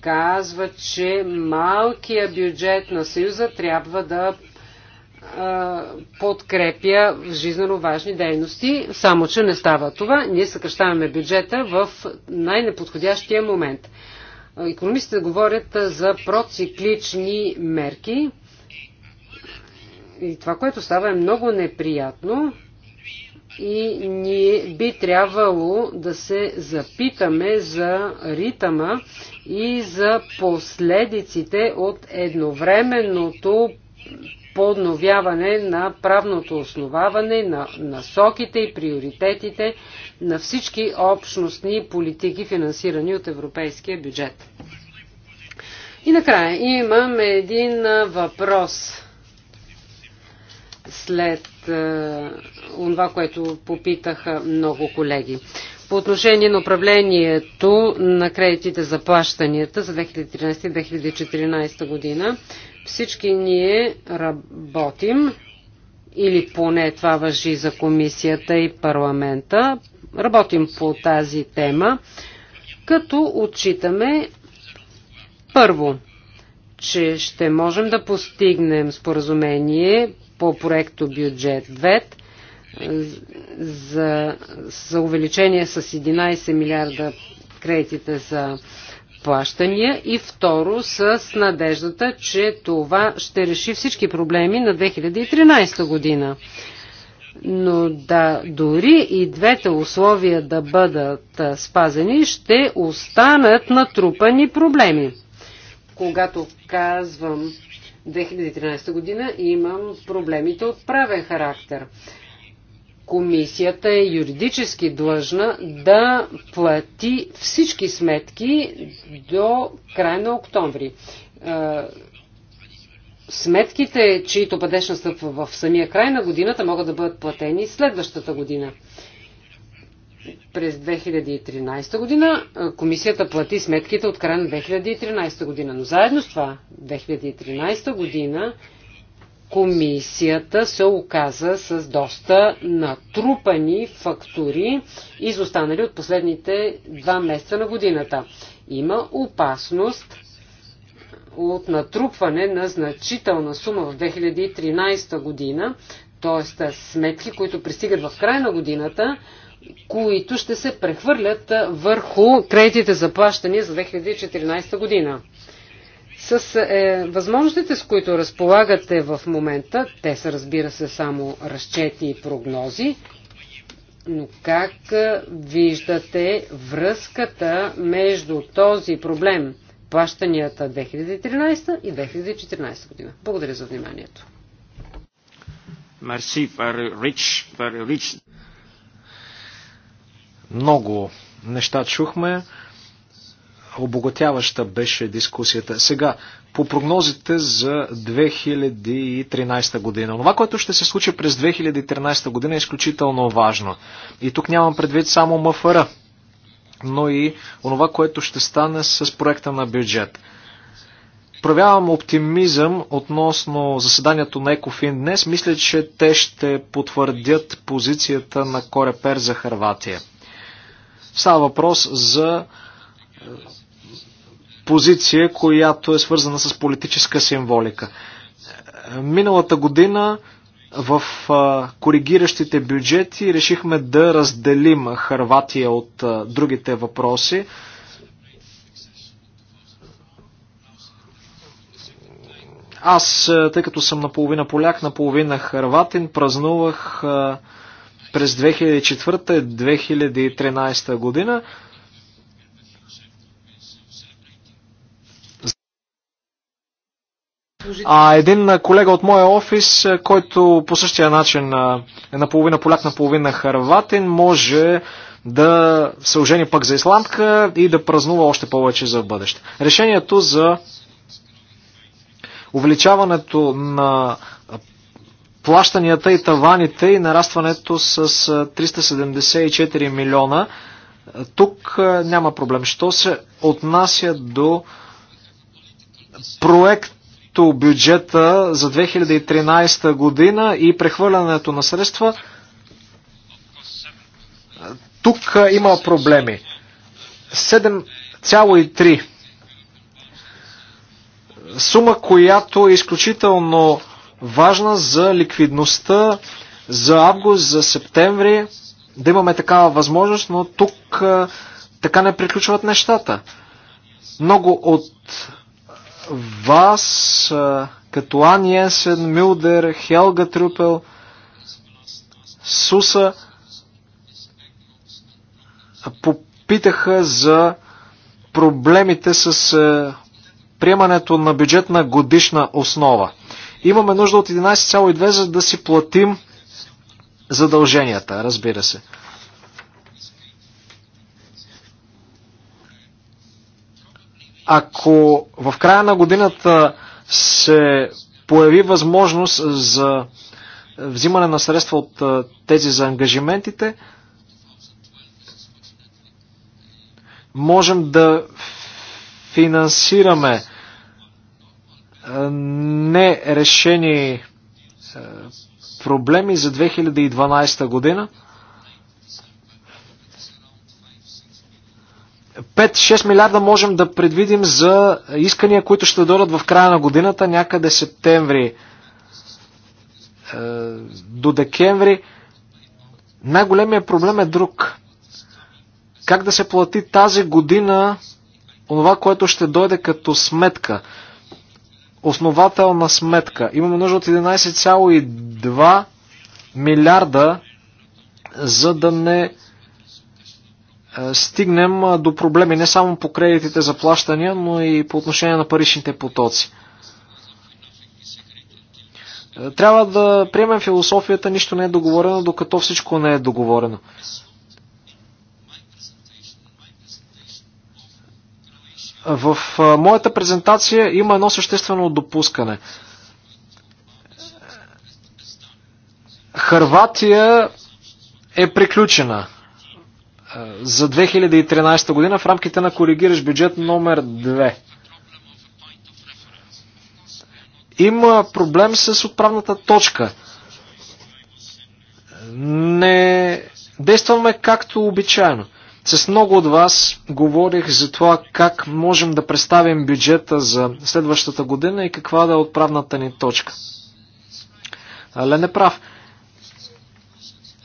казва, че малкият бюджет на Съюза трябва да подкрепя жизненно важни дейности, само че не става това. Ние съкръщаваме бюджета в най-неподходящия момент. Економистите говорят за проциклични мерки и това, което става е много неприятно и ние би трябвало да се запитаме за ритъма и за последиците от едновременното подновяване на правното основаване, на насоките и приоритетите на всички общностни политики, финансирани от европейския бюджет. И накрая имам един въпрос след това, е, което попитаха много колеги. По отношение на управлението на кредитите за плащанията за 2013-2014 година, всички ние работим, или поне това въжи за комисията и парламента, работим по тази тема, като отчитаме първо, че ще можем да постигнем споразумение по проекто бюджет 2 за, за увеличение с 11 милиарда кредитите за плащания и второ с надеждата, че това ще реши всички проблеми на 2013 година. Но да, дори и двете условия да бъдат спазени, ще останат натрупани проблеми. Когато казвам, 2013 година имам проблемите от правен характер. Комисията е юридически длъжна да плати всички сметки до края на октомври. Сметките, чието падеж настъпва в самия край на годината, могат да бъдат платени следващата година през 2013 година. Комисията плати сметките от края на 2013 година. Но заедно с това, 2013 година, комисията се оказа с доста натрупани фактури, изостанали от последните два месеца на годината. Има опасност от натрупване на значителна сума в 2013 година, т.е. сметки, които пристигат в края на годината, които ще се прехвърлят върху кредитите за плащания за 2014 година. С е, възможностите, с които разполагате в момента, те са разбира се само разчети и прогнози, но как виждате връзката между този проблем, плащанията 2013 и 2014 година? Благодаря за вниманието. Merci, very rich, very rich. Много неща чухме. Обогатяваща беше дискусията. Сега, по прогнозите за 2013 година. Това, което ще се случи през 2013 година е изключително важно. И тук нямам предвид само МФР, но и онова, което ще стане с проекта на бюджет. Проявявам оптимизъм относно заседанието на Екофин днес. Мисля, че те ще потвърдят позицията на Корепер за Харватия. Става въпрос за е, позиция, която е свързана с политическа символика. Е, миналата година в е, коригиращите бюджети решихме да разделим Харватия от другите въпроси. Аз, тъй като съм наполовина поляк, наполовина харватин, празнувах през 2004-2013 година. А един колега от моя офис, който по същия начин е наполовина поляк, наполовина харватин, може да се ожени пък за исландка и да празнува още повече за бъдеще. Решението за увеличаването на плащанията и таваните и нарастването с 374 милиона. Тук няма проблем. Що се отнася до проекто бюджета за 2013 година и прехвърлянето на средства, тук има проблеми. 7,3 сума, която е изключително важна за ликвидността за август, за септември, да имаме такава възможност, но тук така не приключват нещата. Много от вас, като Ани Енсен, Милдер, Хелга Трюпел, Суса, попитаха за проблемите с приемането на бюджетна годишна основа. Имаме нужда от 11,2, за да си платим задълженията, разбира се. Ако в края на годината се появи възможност за взимане на средства от тези за ангажиментите, можем да финансираме нерешени проблеми за 2012 година. 5-6 милиарда можем да предвидим за искания, които ще дойдат в края на годината, някъде септември до декември. Най-големия проблем е друг. Как да се плати тази година онова, което ще дойде като сметка основателна сметка. Имаме нужда от 11,2 милиарда, за да не е, стигнем е, до проблеми не само по кредитите за плащания, но и по отношение на паричните потоци. Е, трябва да приемем философията, нищо не е договорено, докато всичко не е договорено. В моята презентация има едно съществено допускане. Харватия е приключена за 2013 година в рамките на коригираш бюджет номер 2. Има проблем с отправната точка. Не действаме както обичайно. С много от вас говорих за това как можем да представим бюджета за следващата година и каква да е отправната ни точка. Але не прав.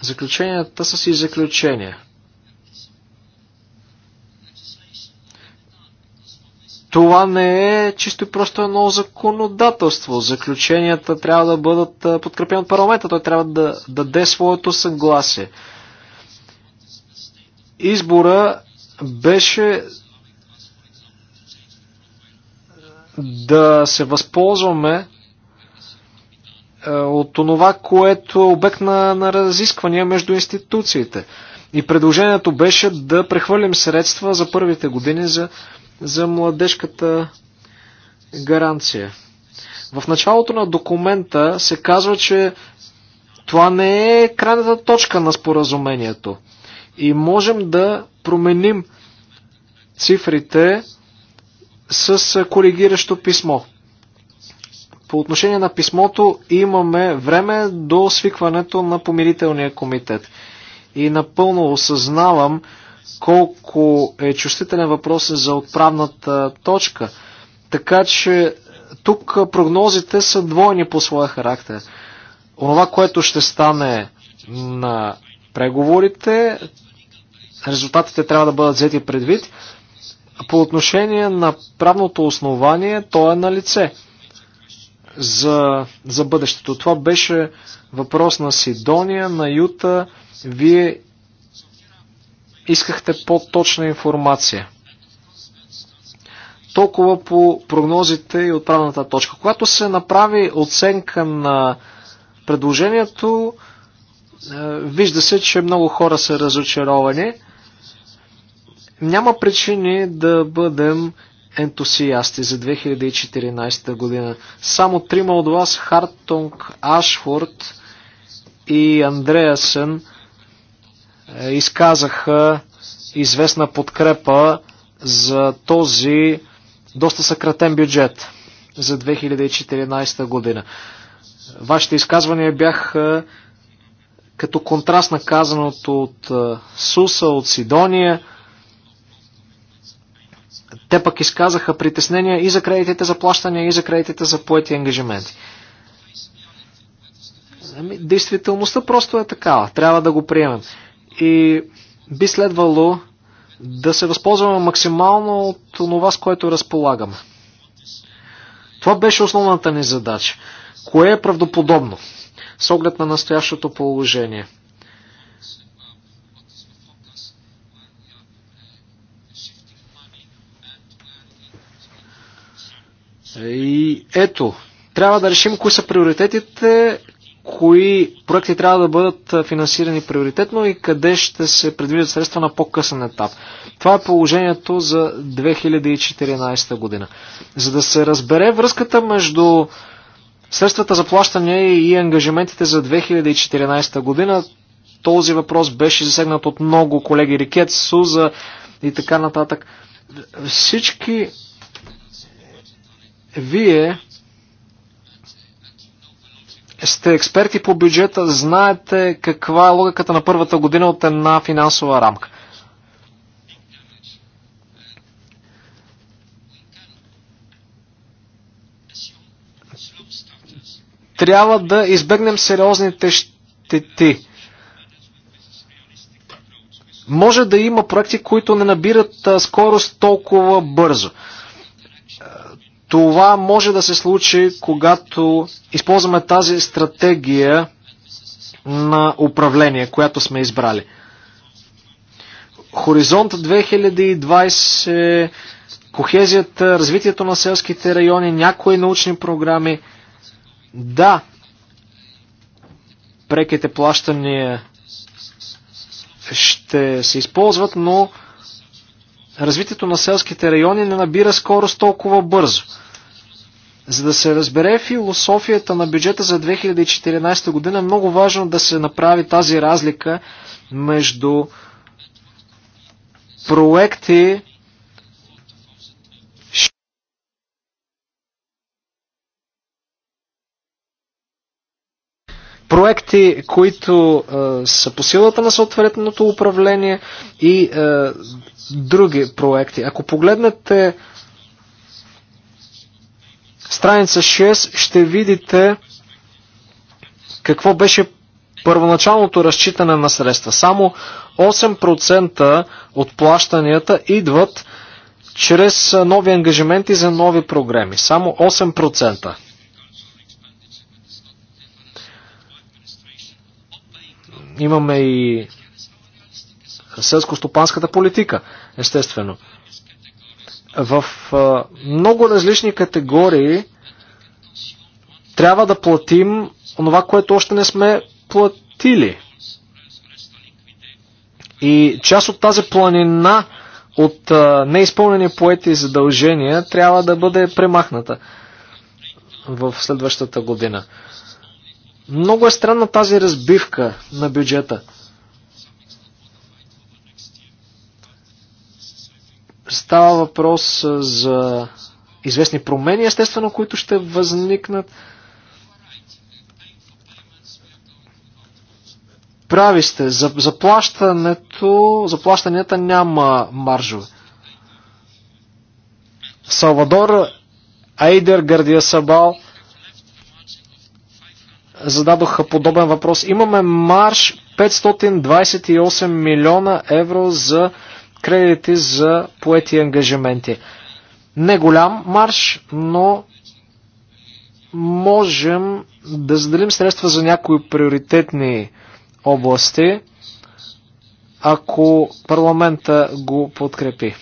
Заключенията са си заключения. Това не е чисто и просто едно законодателство. Заключенията трябва да бъдат подкрепени от парламента. Той трябва да даде своето съгласие избора беше да се възползваме е, от това, което е обект на, на разисквания между институциите. И предложението беше да прехвърлим средства за първите години за, за младежката гаранция. В началото на документа се казва, че това не е крайната точка на споразумението. И можем да променим цифрите с коригиращо писмо. По отношение на писмото имаме време до свикването на помирителния комитет. И напълно осъзнавам колко е чувствителен въпрос за отправната точка. Така че тук прогнозите са двойни по своя характер. Онова, което ще стане на преговорите, резултатите трябва да бъдат взети предвид. По отношение на правното основание, то е на лице за, за бъдещето. Това беше въпрос на Сидония, на Юта. Вие искахте по-точна информация. Толкова по прогнозите и отправната точка. Когато се направи оценка на предложението, е, вижда се, че много хора са разочаровани. Няма причини да бъдем ентусиасти за 2014 година. Само трима от вас, Хартонг, Ашфорд и Андреасен, е, изказаха известна подкрепа за този доста съкратен бюджет за 2014 година. Вашите изказвания бяха като контраст на казаното от е, Суса, от Сидония, те пък изказаха притеснения и за кредитите за плащане, и за кредитите за поети ангажименти. Ами, действителността просто е такава. Трябва да го приемем. И би следвало да се възползваме максимално от това, с което разполагаме. Това беше основната ни задача. Кое е правдоподобно с оглед на настоящото положение? И ето, трябва да решим кои са приоритетите, кои проекти трябва да бъдат финансирани приоритетно и къде ще се предвидят средства на по-късен етап. Това е положението за 2014 година. За да се разбере връзката между средствата за плащане и ангажиментите за 2014 година, този въпрос беше засегнат от много колеги Рикет, Суза и така нататък. Всички вие сте експерти по бюджета, знаете каква е логиката на първата година от една финансова рамка. Трябва да избегнем сериозните щети. Може да има проекти, които не набират скорост толкова бързо. Това може да се случи, когато използваме тази стратегия на управление, която сме избрали. Хоризонт 2020, кохезията, развитието на селските райони, някои научни програми. Да, преките плащания ще се използват, но развитието на селските райони не набира скорост толкова бързо. За да се разбере философията на бюджета за 2014 година, е много важно да се направи тази разлика между проекти, проекти, които е, са по силата на съответното управление и е, други проекти. Ако погледнете страница 6, ще видите какво беше първоначалното разчитане на средства. Само 8% от плащанията идват чрез нови ангажименти за нови програми. Само 8%. Имаме и селско-стопанската политика, естествено. В много различни категории трябва да платим това, което още не сме платили. И част от тази планина от неизпълнени поети задължения трябва да бъде премахната в следващата година. Много е странна тази разбивка на бюджета. Става въпрос за известни промени, естествено, които ще възникнат. Прави сте, заплащането. заплащането, заплащанията няма маржове. Салвадор Айдер Гардия Сабал – зададоха подобен въпрос. Имаме марш 528 милиона евро за кредити за поети ангажименти. Не голям марш, но можем да заделим средства за някои приоритетни области, ако парламента го подкрепи.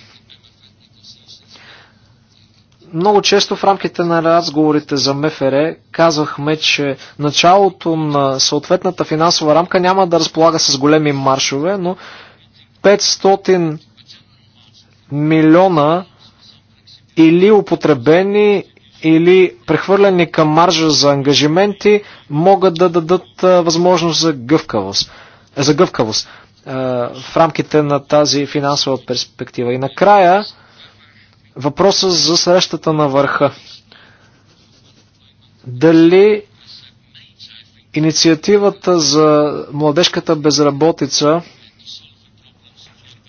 Много често в рамките на разговорите за МФР казвахме, че началото на съответната финансова рамка няма да разполага с големи маршове, но 500 милиона или употребени, или прехвърлени към маржа за ангажименти могат да дадат възможност за гъвкавост, за гъвкавост в рамките на тази финансова перспектива. И накрая, въпроса за срещата на върха. Дали инициативата за младежката безработица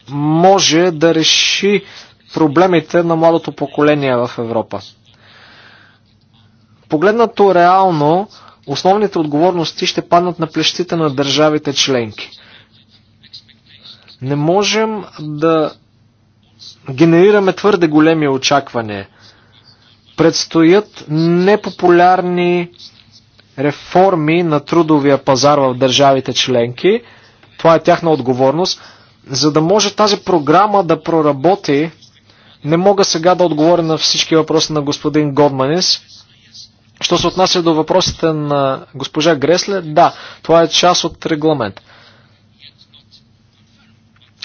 може да реши проблемите на младото поколение в Европа. Погледнато реално, основните отговорности ще паднат на плещите на държавите членки. Не можем да генерираме твърде големи очаквания. Предстоят непопулярни реформи на трудовия пазар в държавите членки. Това е тяхна отговорност. За да може тази програма да проработи, не мога сега да отговоря на всички въпроси на господин Годманис. Що се отнася до въпросите на госпожа Гресле, да, това е част от регламент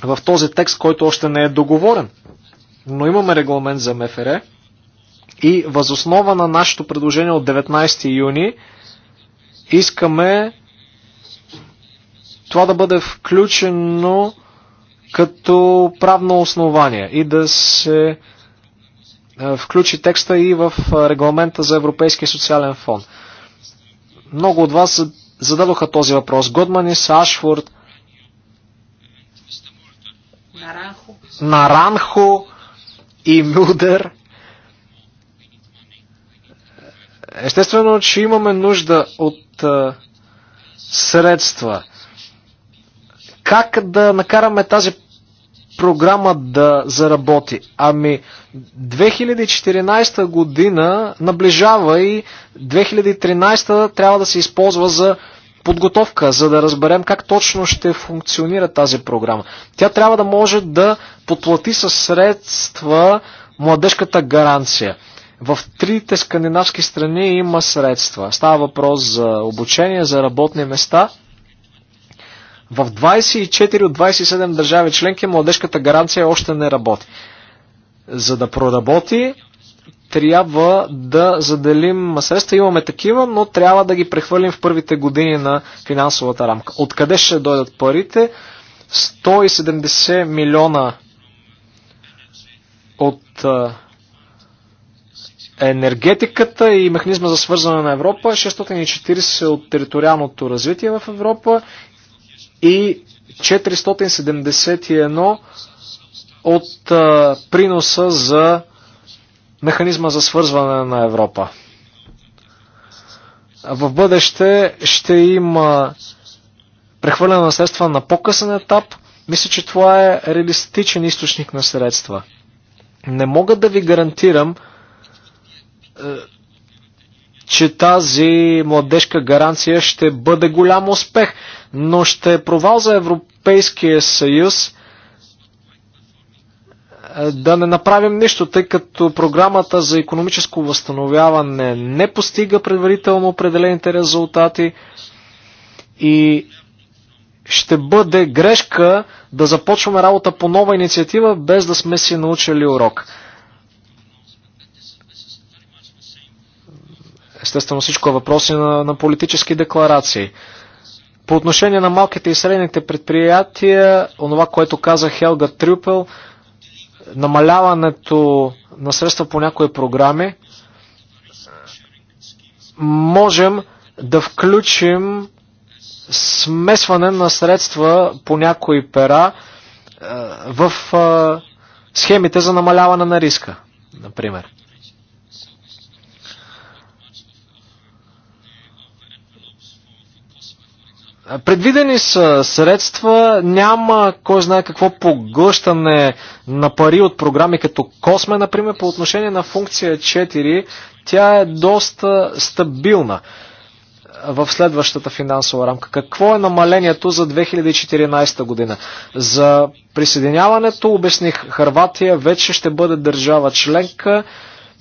в този текст, който още не е договорен. Но имаме регламент за МФР и възоснова на нашето предложение от 19 юни искаме това да бъде включено като правно основание и да се е, включи текста и в е, регламента за Европейския социален фонд. Много от вас зададоха този въпрос. Годмани, и Сашфорд, Наранхо, Наранхо и Мюдер. Естествено, че имаме нужда от а, е, средства. Как да накараме тази програма да заработи? Ами, 2014 година наближава и 2013 трябва да се използва за подготовка, за да разберем как точно ще функционира тази програма. Тя трябва да може да подплати със средства младежката гаранция. В трите скандинавски страни има средства. Става въпрос за обучение, за работни места. В 24 от 27 държави членки младежката гаранция още не работи. За да проработи, трябва да заделим средства. Имаме такива, но трябва да ги прехвърлим в първите години на финансовата рамка. Откъде ще дойдат парите? 170 милиона от енергетиката и механизма за свързване на Европа, 640 от териториалното развитие в Европа и 471 от приноса за механизма за свързване на Европа. В бъдеще ще има прехвърляне на средства на по-късен етап. Мисля, че това е реалистичен източник на средства. Не мога да ви гарантирам, е, че тази младежка гаранция ще бъде голям успех, но ще е провал за Европейския съюз, е, да не направим нищо, тъй като програмата за економическо възстановяване не постига предварително определените резултати и ще бъде грешка да започваме работа по нова инициатива, без да сме си научили урок. Естествено всичко е въпроси на, на политически декларации. По отношение на малките и средните предприятия, онова, което каза Хелга Трюпел, намаляването на средства по някои програми, можем да включим смесване на средства по някои пера е, в е, схемите за намаляване на риска, например. Предвидени са средства, няма кой знае какво поглъщане на пари от програми като Косме, например, по отношение на функция 4, тя е доста стабилна в следващата финансова рамка. Какво е намалението за 2014 година? За присъединяването, обясних, Харватия вече ще бъде държава членка,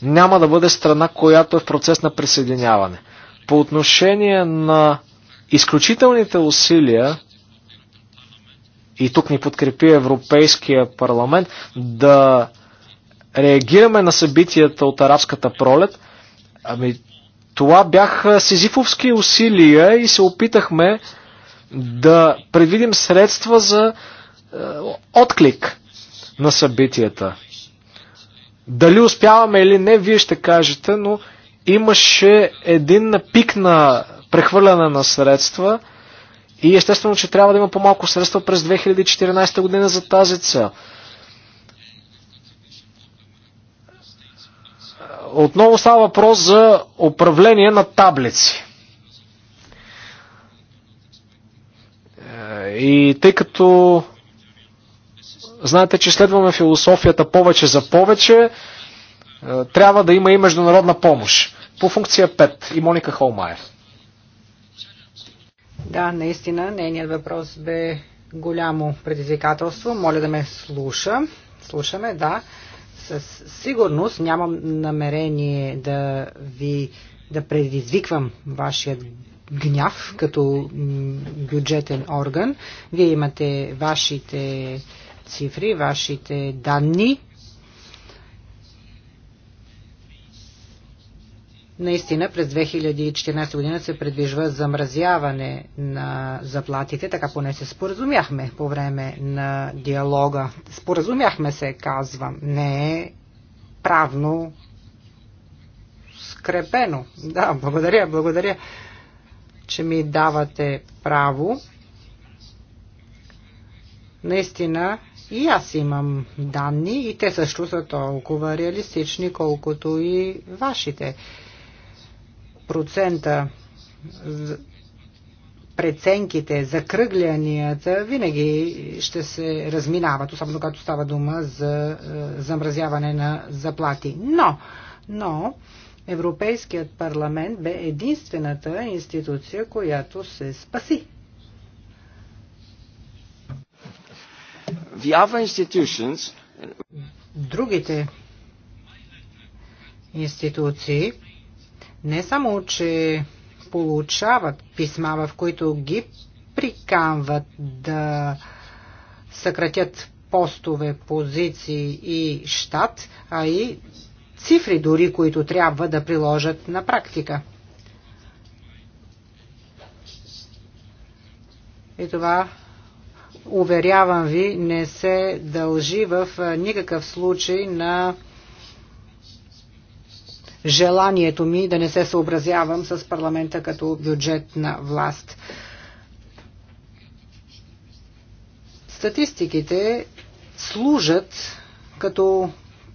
няма да бъде страна, която е в процес на присъединяване. По отношение на Изключителните усилия, и тук ни подкрепи Европейския парламент, да реагираме на събитията от арабската пролет, ами това бяха сизифовски усилия и се опитахме да предвидим средства за е, отклик на събитията. Дали успяваме или не, вие ще кажете, но имаше един пик на прехвърляне на средства и естествено, че трябва да има по-малко средства през 2014 година за тази цел. Отново става въпрос за управление на таблици. Е, и тъй като знаете, че следваме философията повече за повече, е, трябва да има и международна помощ. По функция 5 и Моника Холмайер. Да, наистина, нейният въпрос бе голямо предизвикателство. Моля да ме слуша. Слушаме, да. Със сигурност нямам намерение да ви да предизвиквам вашия гняв като бюджетен орган. Вие имате вашите цифри, вашите данни, Наистина през 2014 година се предвижва замразяване на заплатите, така поне се споразумяхме по време на диалога. Споразумяхме се, казвам, не е правно скрепено. Да, благодаря, благодаря, че ми давате право. Наистина и аз имам данни и те също са толкова реалистични, колкото и вашите процента преценките, закръглянията винаги ще се разминават, особено когато става дума за е, замразяване на заплати. Но, но Европейският парламент бе единствената институция, която се спаси. The other institutions... Другите институции не само, че получават писма, в които ги приканват да съкратят постове, позиции и щат, а и цифри дори, които трябва да приложат на практика. И това, уверявам ви, не се дължи в никакъв случай на желанието ми да не се съобразявам с парламента като бюджетна власт. Статистиките служат като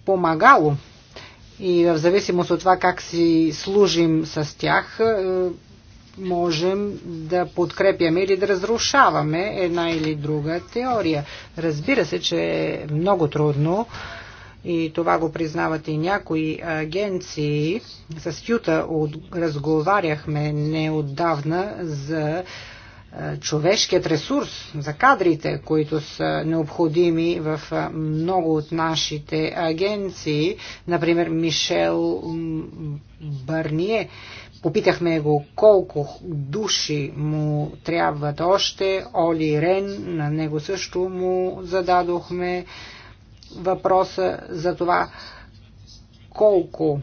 помагало и в зависимост от това как си служим с тях, е, можем да подкрепяме или да разрушаваме една или друга теория. Разбира се, че е много трудно и това го признават и някои агенции. С Юта разговаряхме неотдавна за е, човешкият ресурс, за кадрите, които са необходими в е, много от нашите агенции, например Мишел Барние. Попитахме го колко души му трябват още. Оли Рен, на него също му зададохме въпроса за това колко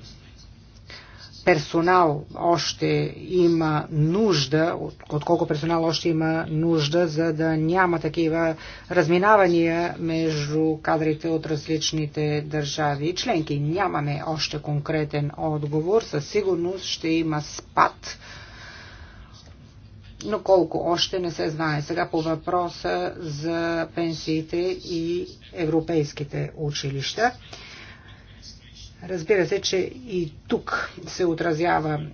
персонал още има нужда, от колко персонал още има нужда, за да няма такива разминавания между кадрите от различните държави и членки. Нямаме още конкретен отговор. Със сигурност ще има спад но колко още не се знае. Сега по въпроса за пенсиите и европейските училища. Разбира се, че и тук се отразява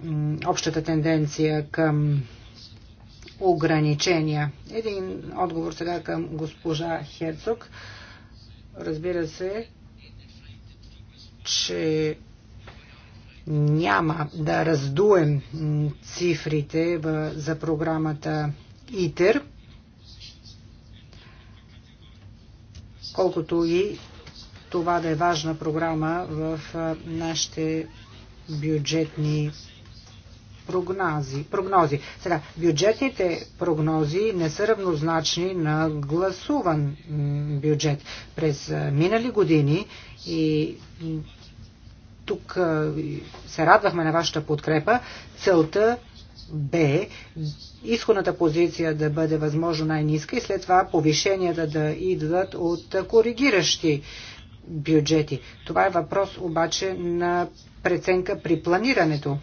общата тенденция към ограничения. Един отговор сега към госпожа Херцог. Разбира се, че няма да раздуем цифрите за програмата ИТЕР, колкото и това да е важна програма в нашите бюджетни прогнози. прогнози. Сега, бюджетните прогнози не са равнозначни на гласуван бюджет. През минали години и тук се радвахме на вашата подкрепа. Целта бе изходната позиция да бъде възможно най-ниска и след това повишенията да идват от коригиращи бюджети. Това е въпрос обаче на преценка при планирането.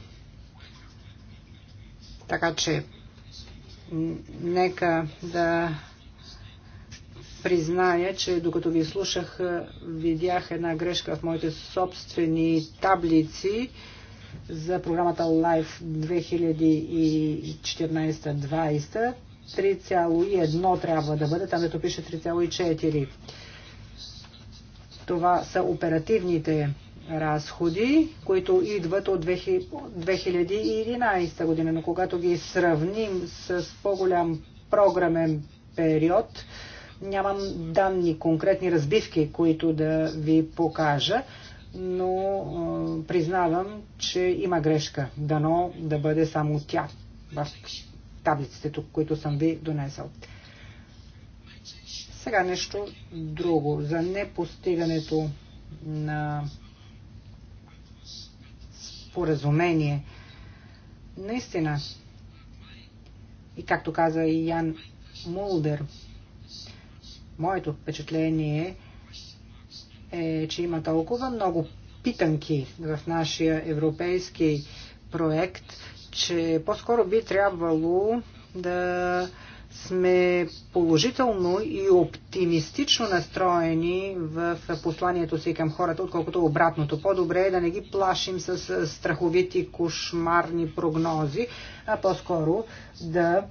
Така че нека да призная, че докато ви слушах, видях една грешка в моите собствени таблици за програмата Life 2014-2020. 3,1 трябва да бъде, там дето пише 3,4. Това са оперативните разходи, които идват от 2011 година. Но когато ги сравним с по-голям програмен период, Нямам данни, конкретни разбивки, които да ви покажа, но е, признавам, че има грешка. Дано да бъде само тя в таблиците тук, които съм ви донесъл. Сега нещо друго за непостигането на споразумение. Наистина, и както каза и Ян Мулдер, моето впечатление е, че има толкова много питанки в нашия европейски проект, че по-скоро би трябвало да сме положително и оптимистично настроени в посланието си към хората, отколкото обратното. По-добре е да не ги плашим с страховити кошмарни прогнози, а по-скоро да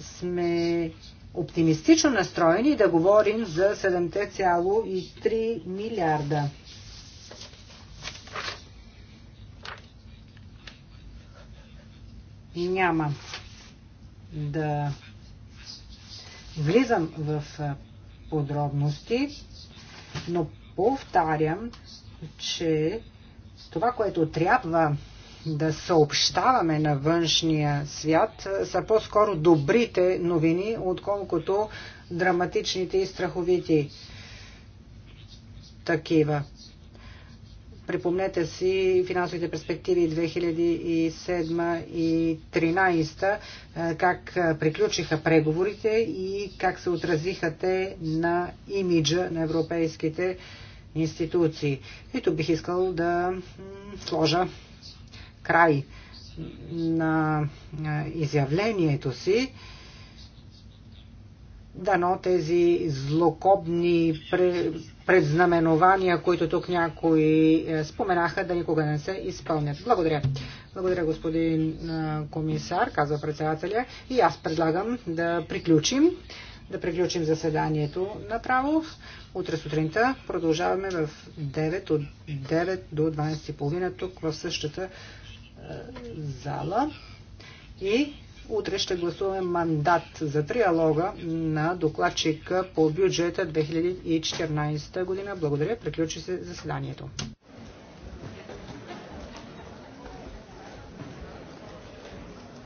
сме оптимистично настроени да говорим за 7,3 милиарда. И няма да влизам в подробности, но повтарям, че това, което трябва да съобщаваме на външния свят са по-скоро добрите новини, отколкото драматичните и страховити такива. Припомнете си финансовите перспективи 2007 и 2013, как приключиха преговорите и как се отразиха те на имиджа на европейските институции. И тук бих искал да сложа край на изявлението си, дано тези злокобни предзнаменования, които тук някои споменаха, да никога не се изпълнят. Благодаря. Благодаря, господин комисар, казва председателя. И аз предлагам да приключим да приключим заседанието направо. Утре сутринта продължаваме в 9 от 9 до 12.30 тук в същата зала и утре ще гласуваме мандат за триалога на докладчика по бюджета 2014 година. Благодаря, приключи се заседанието.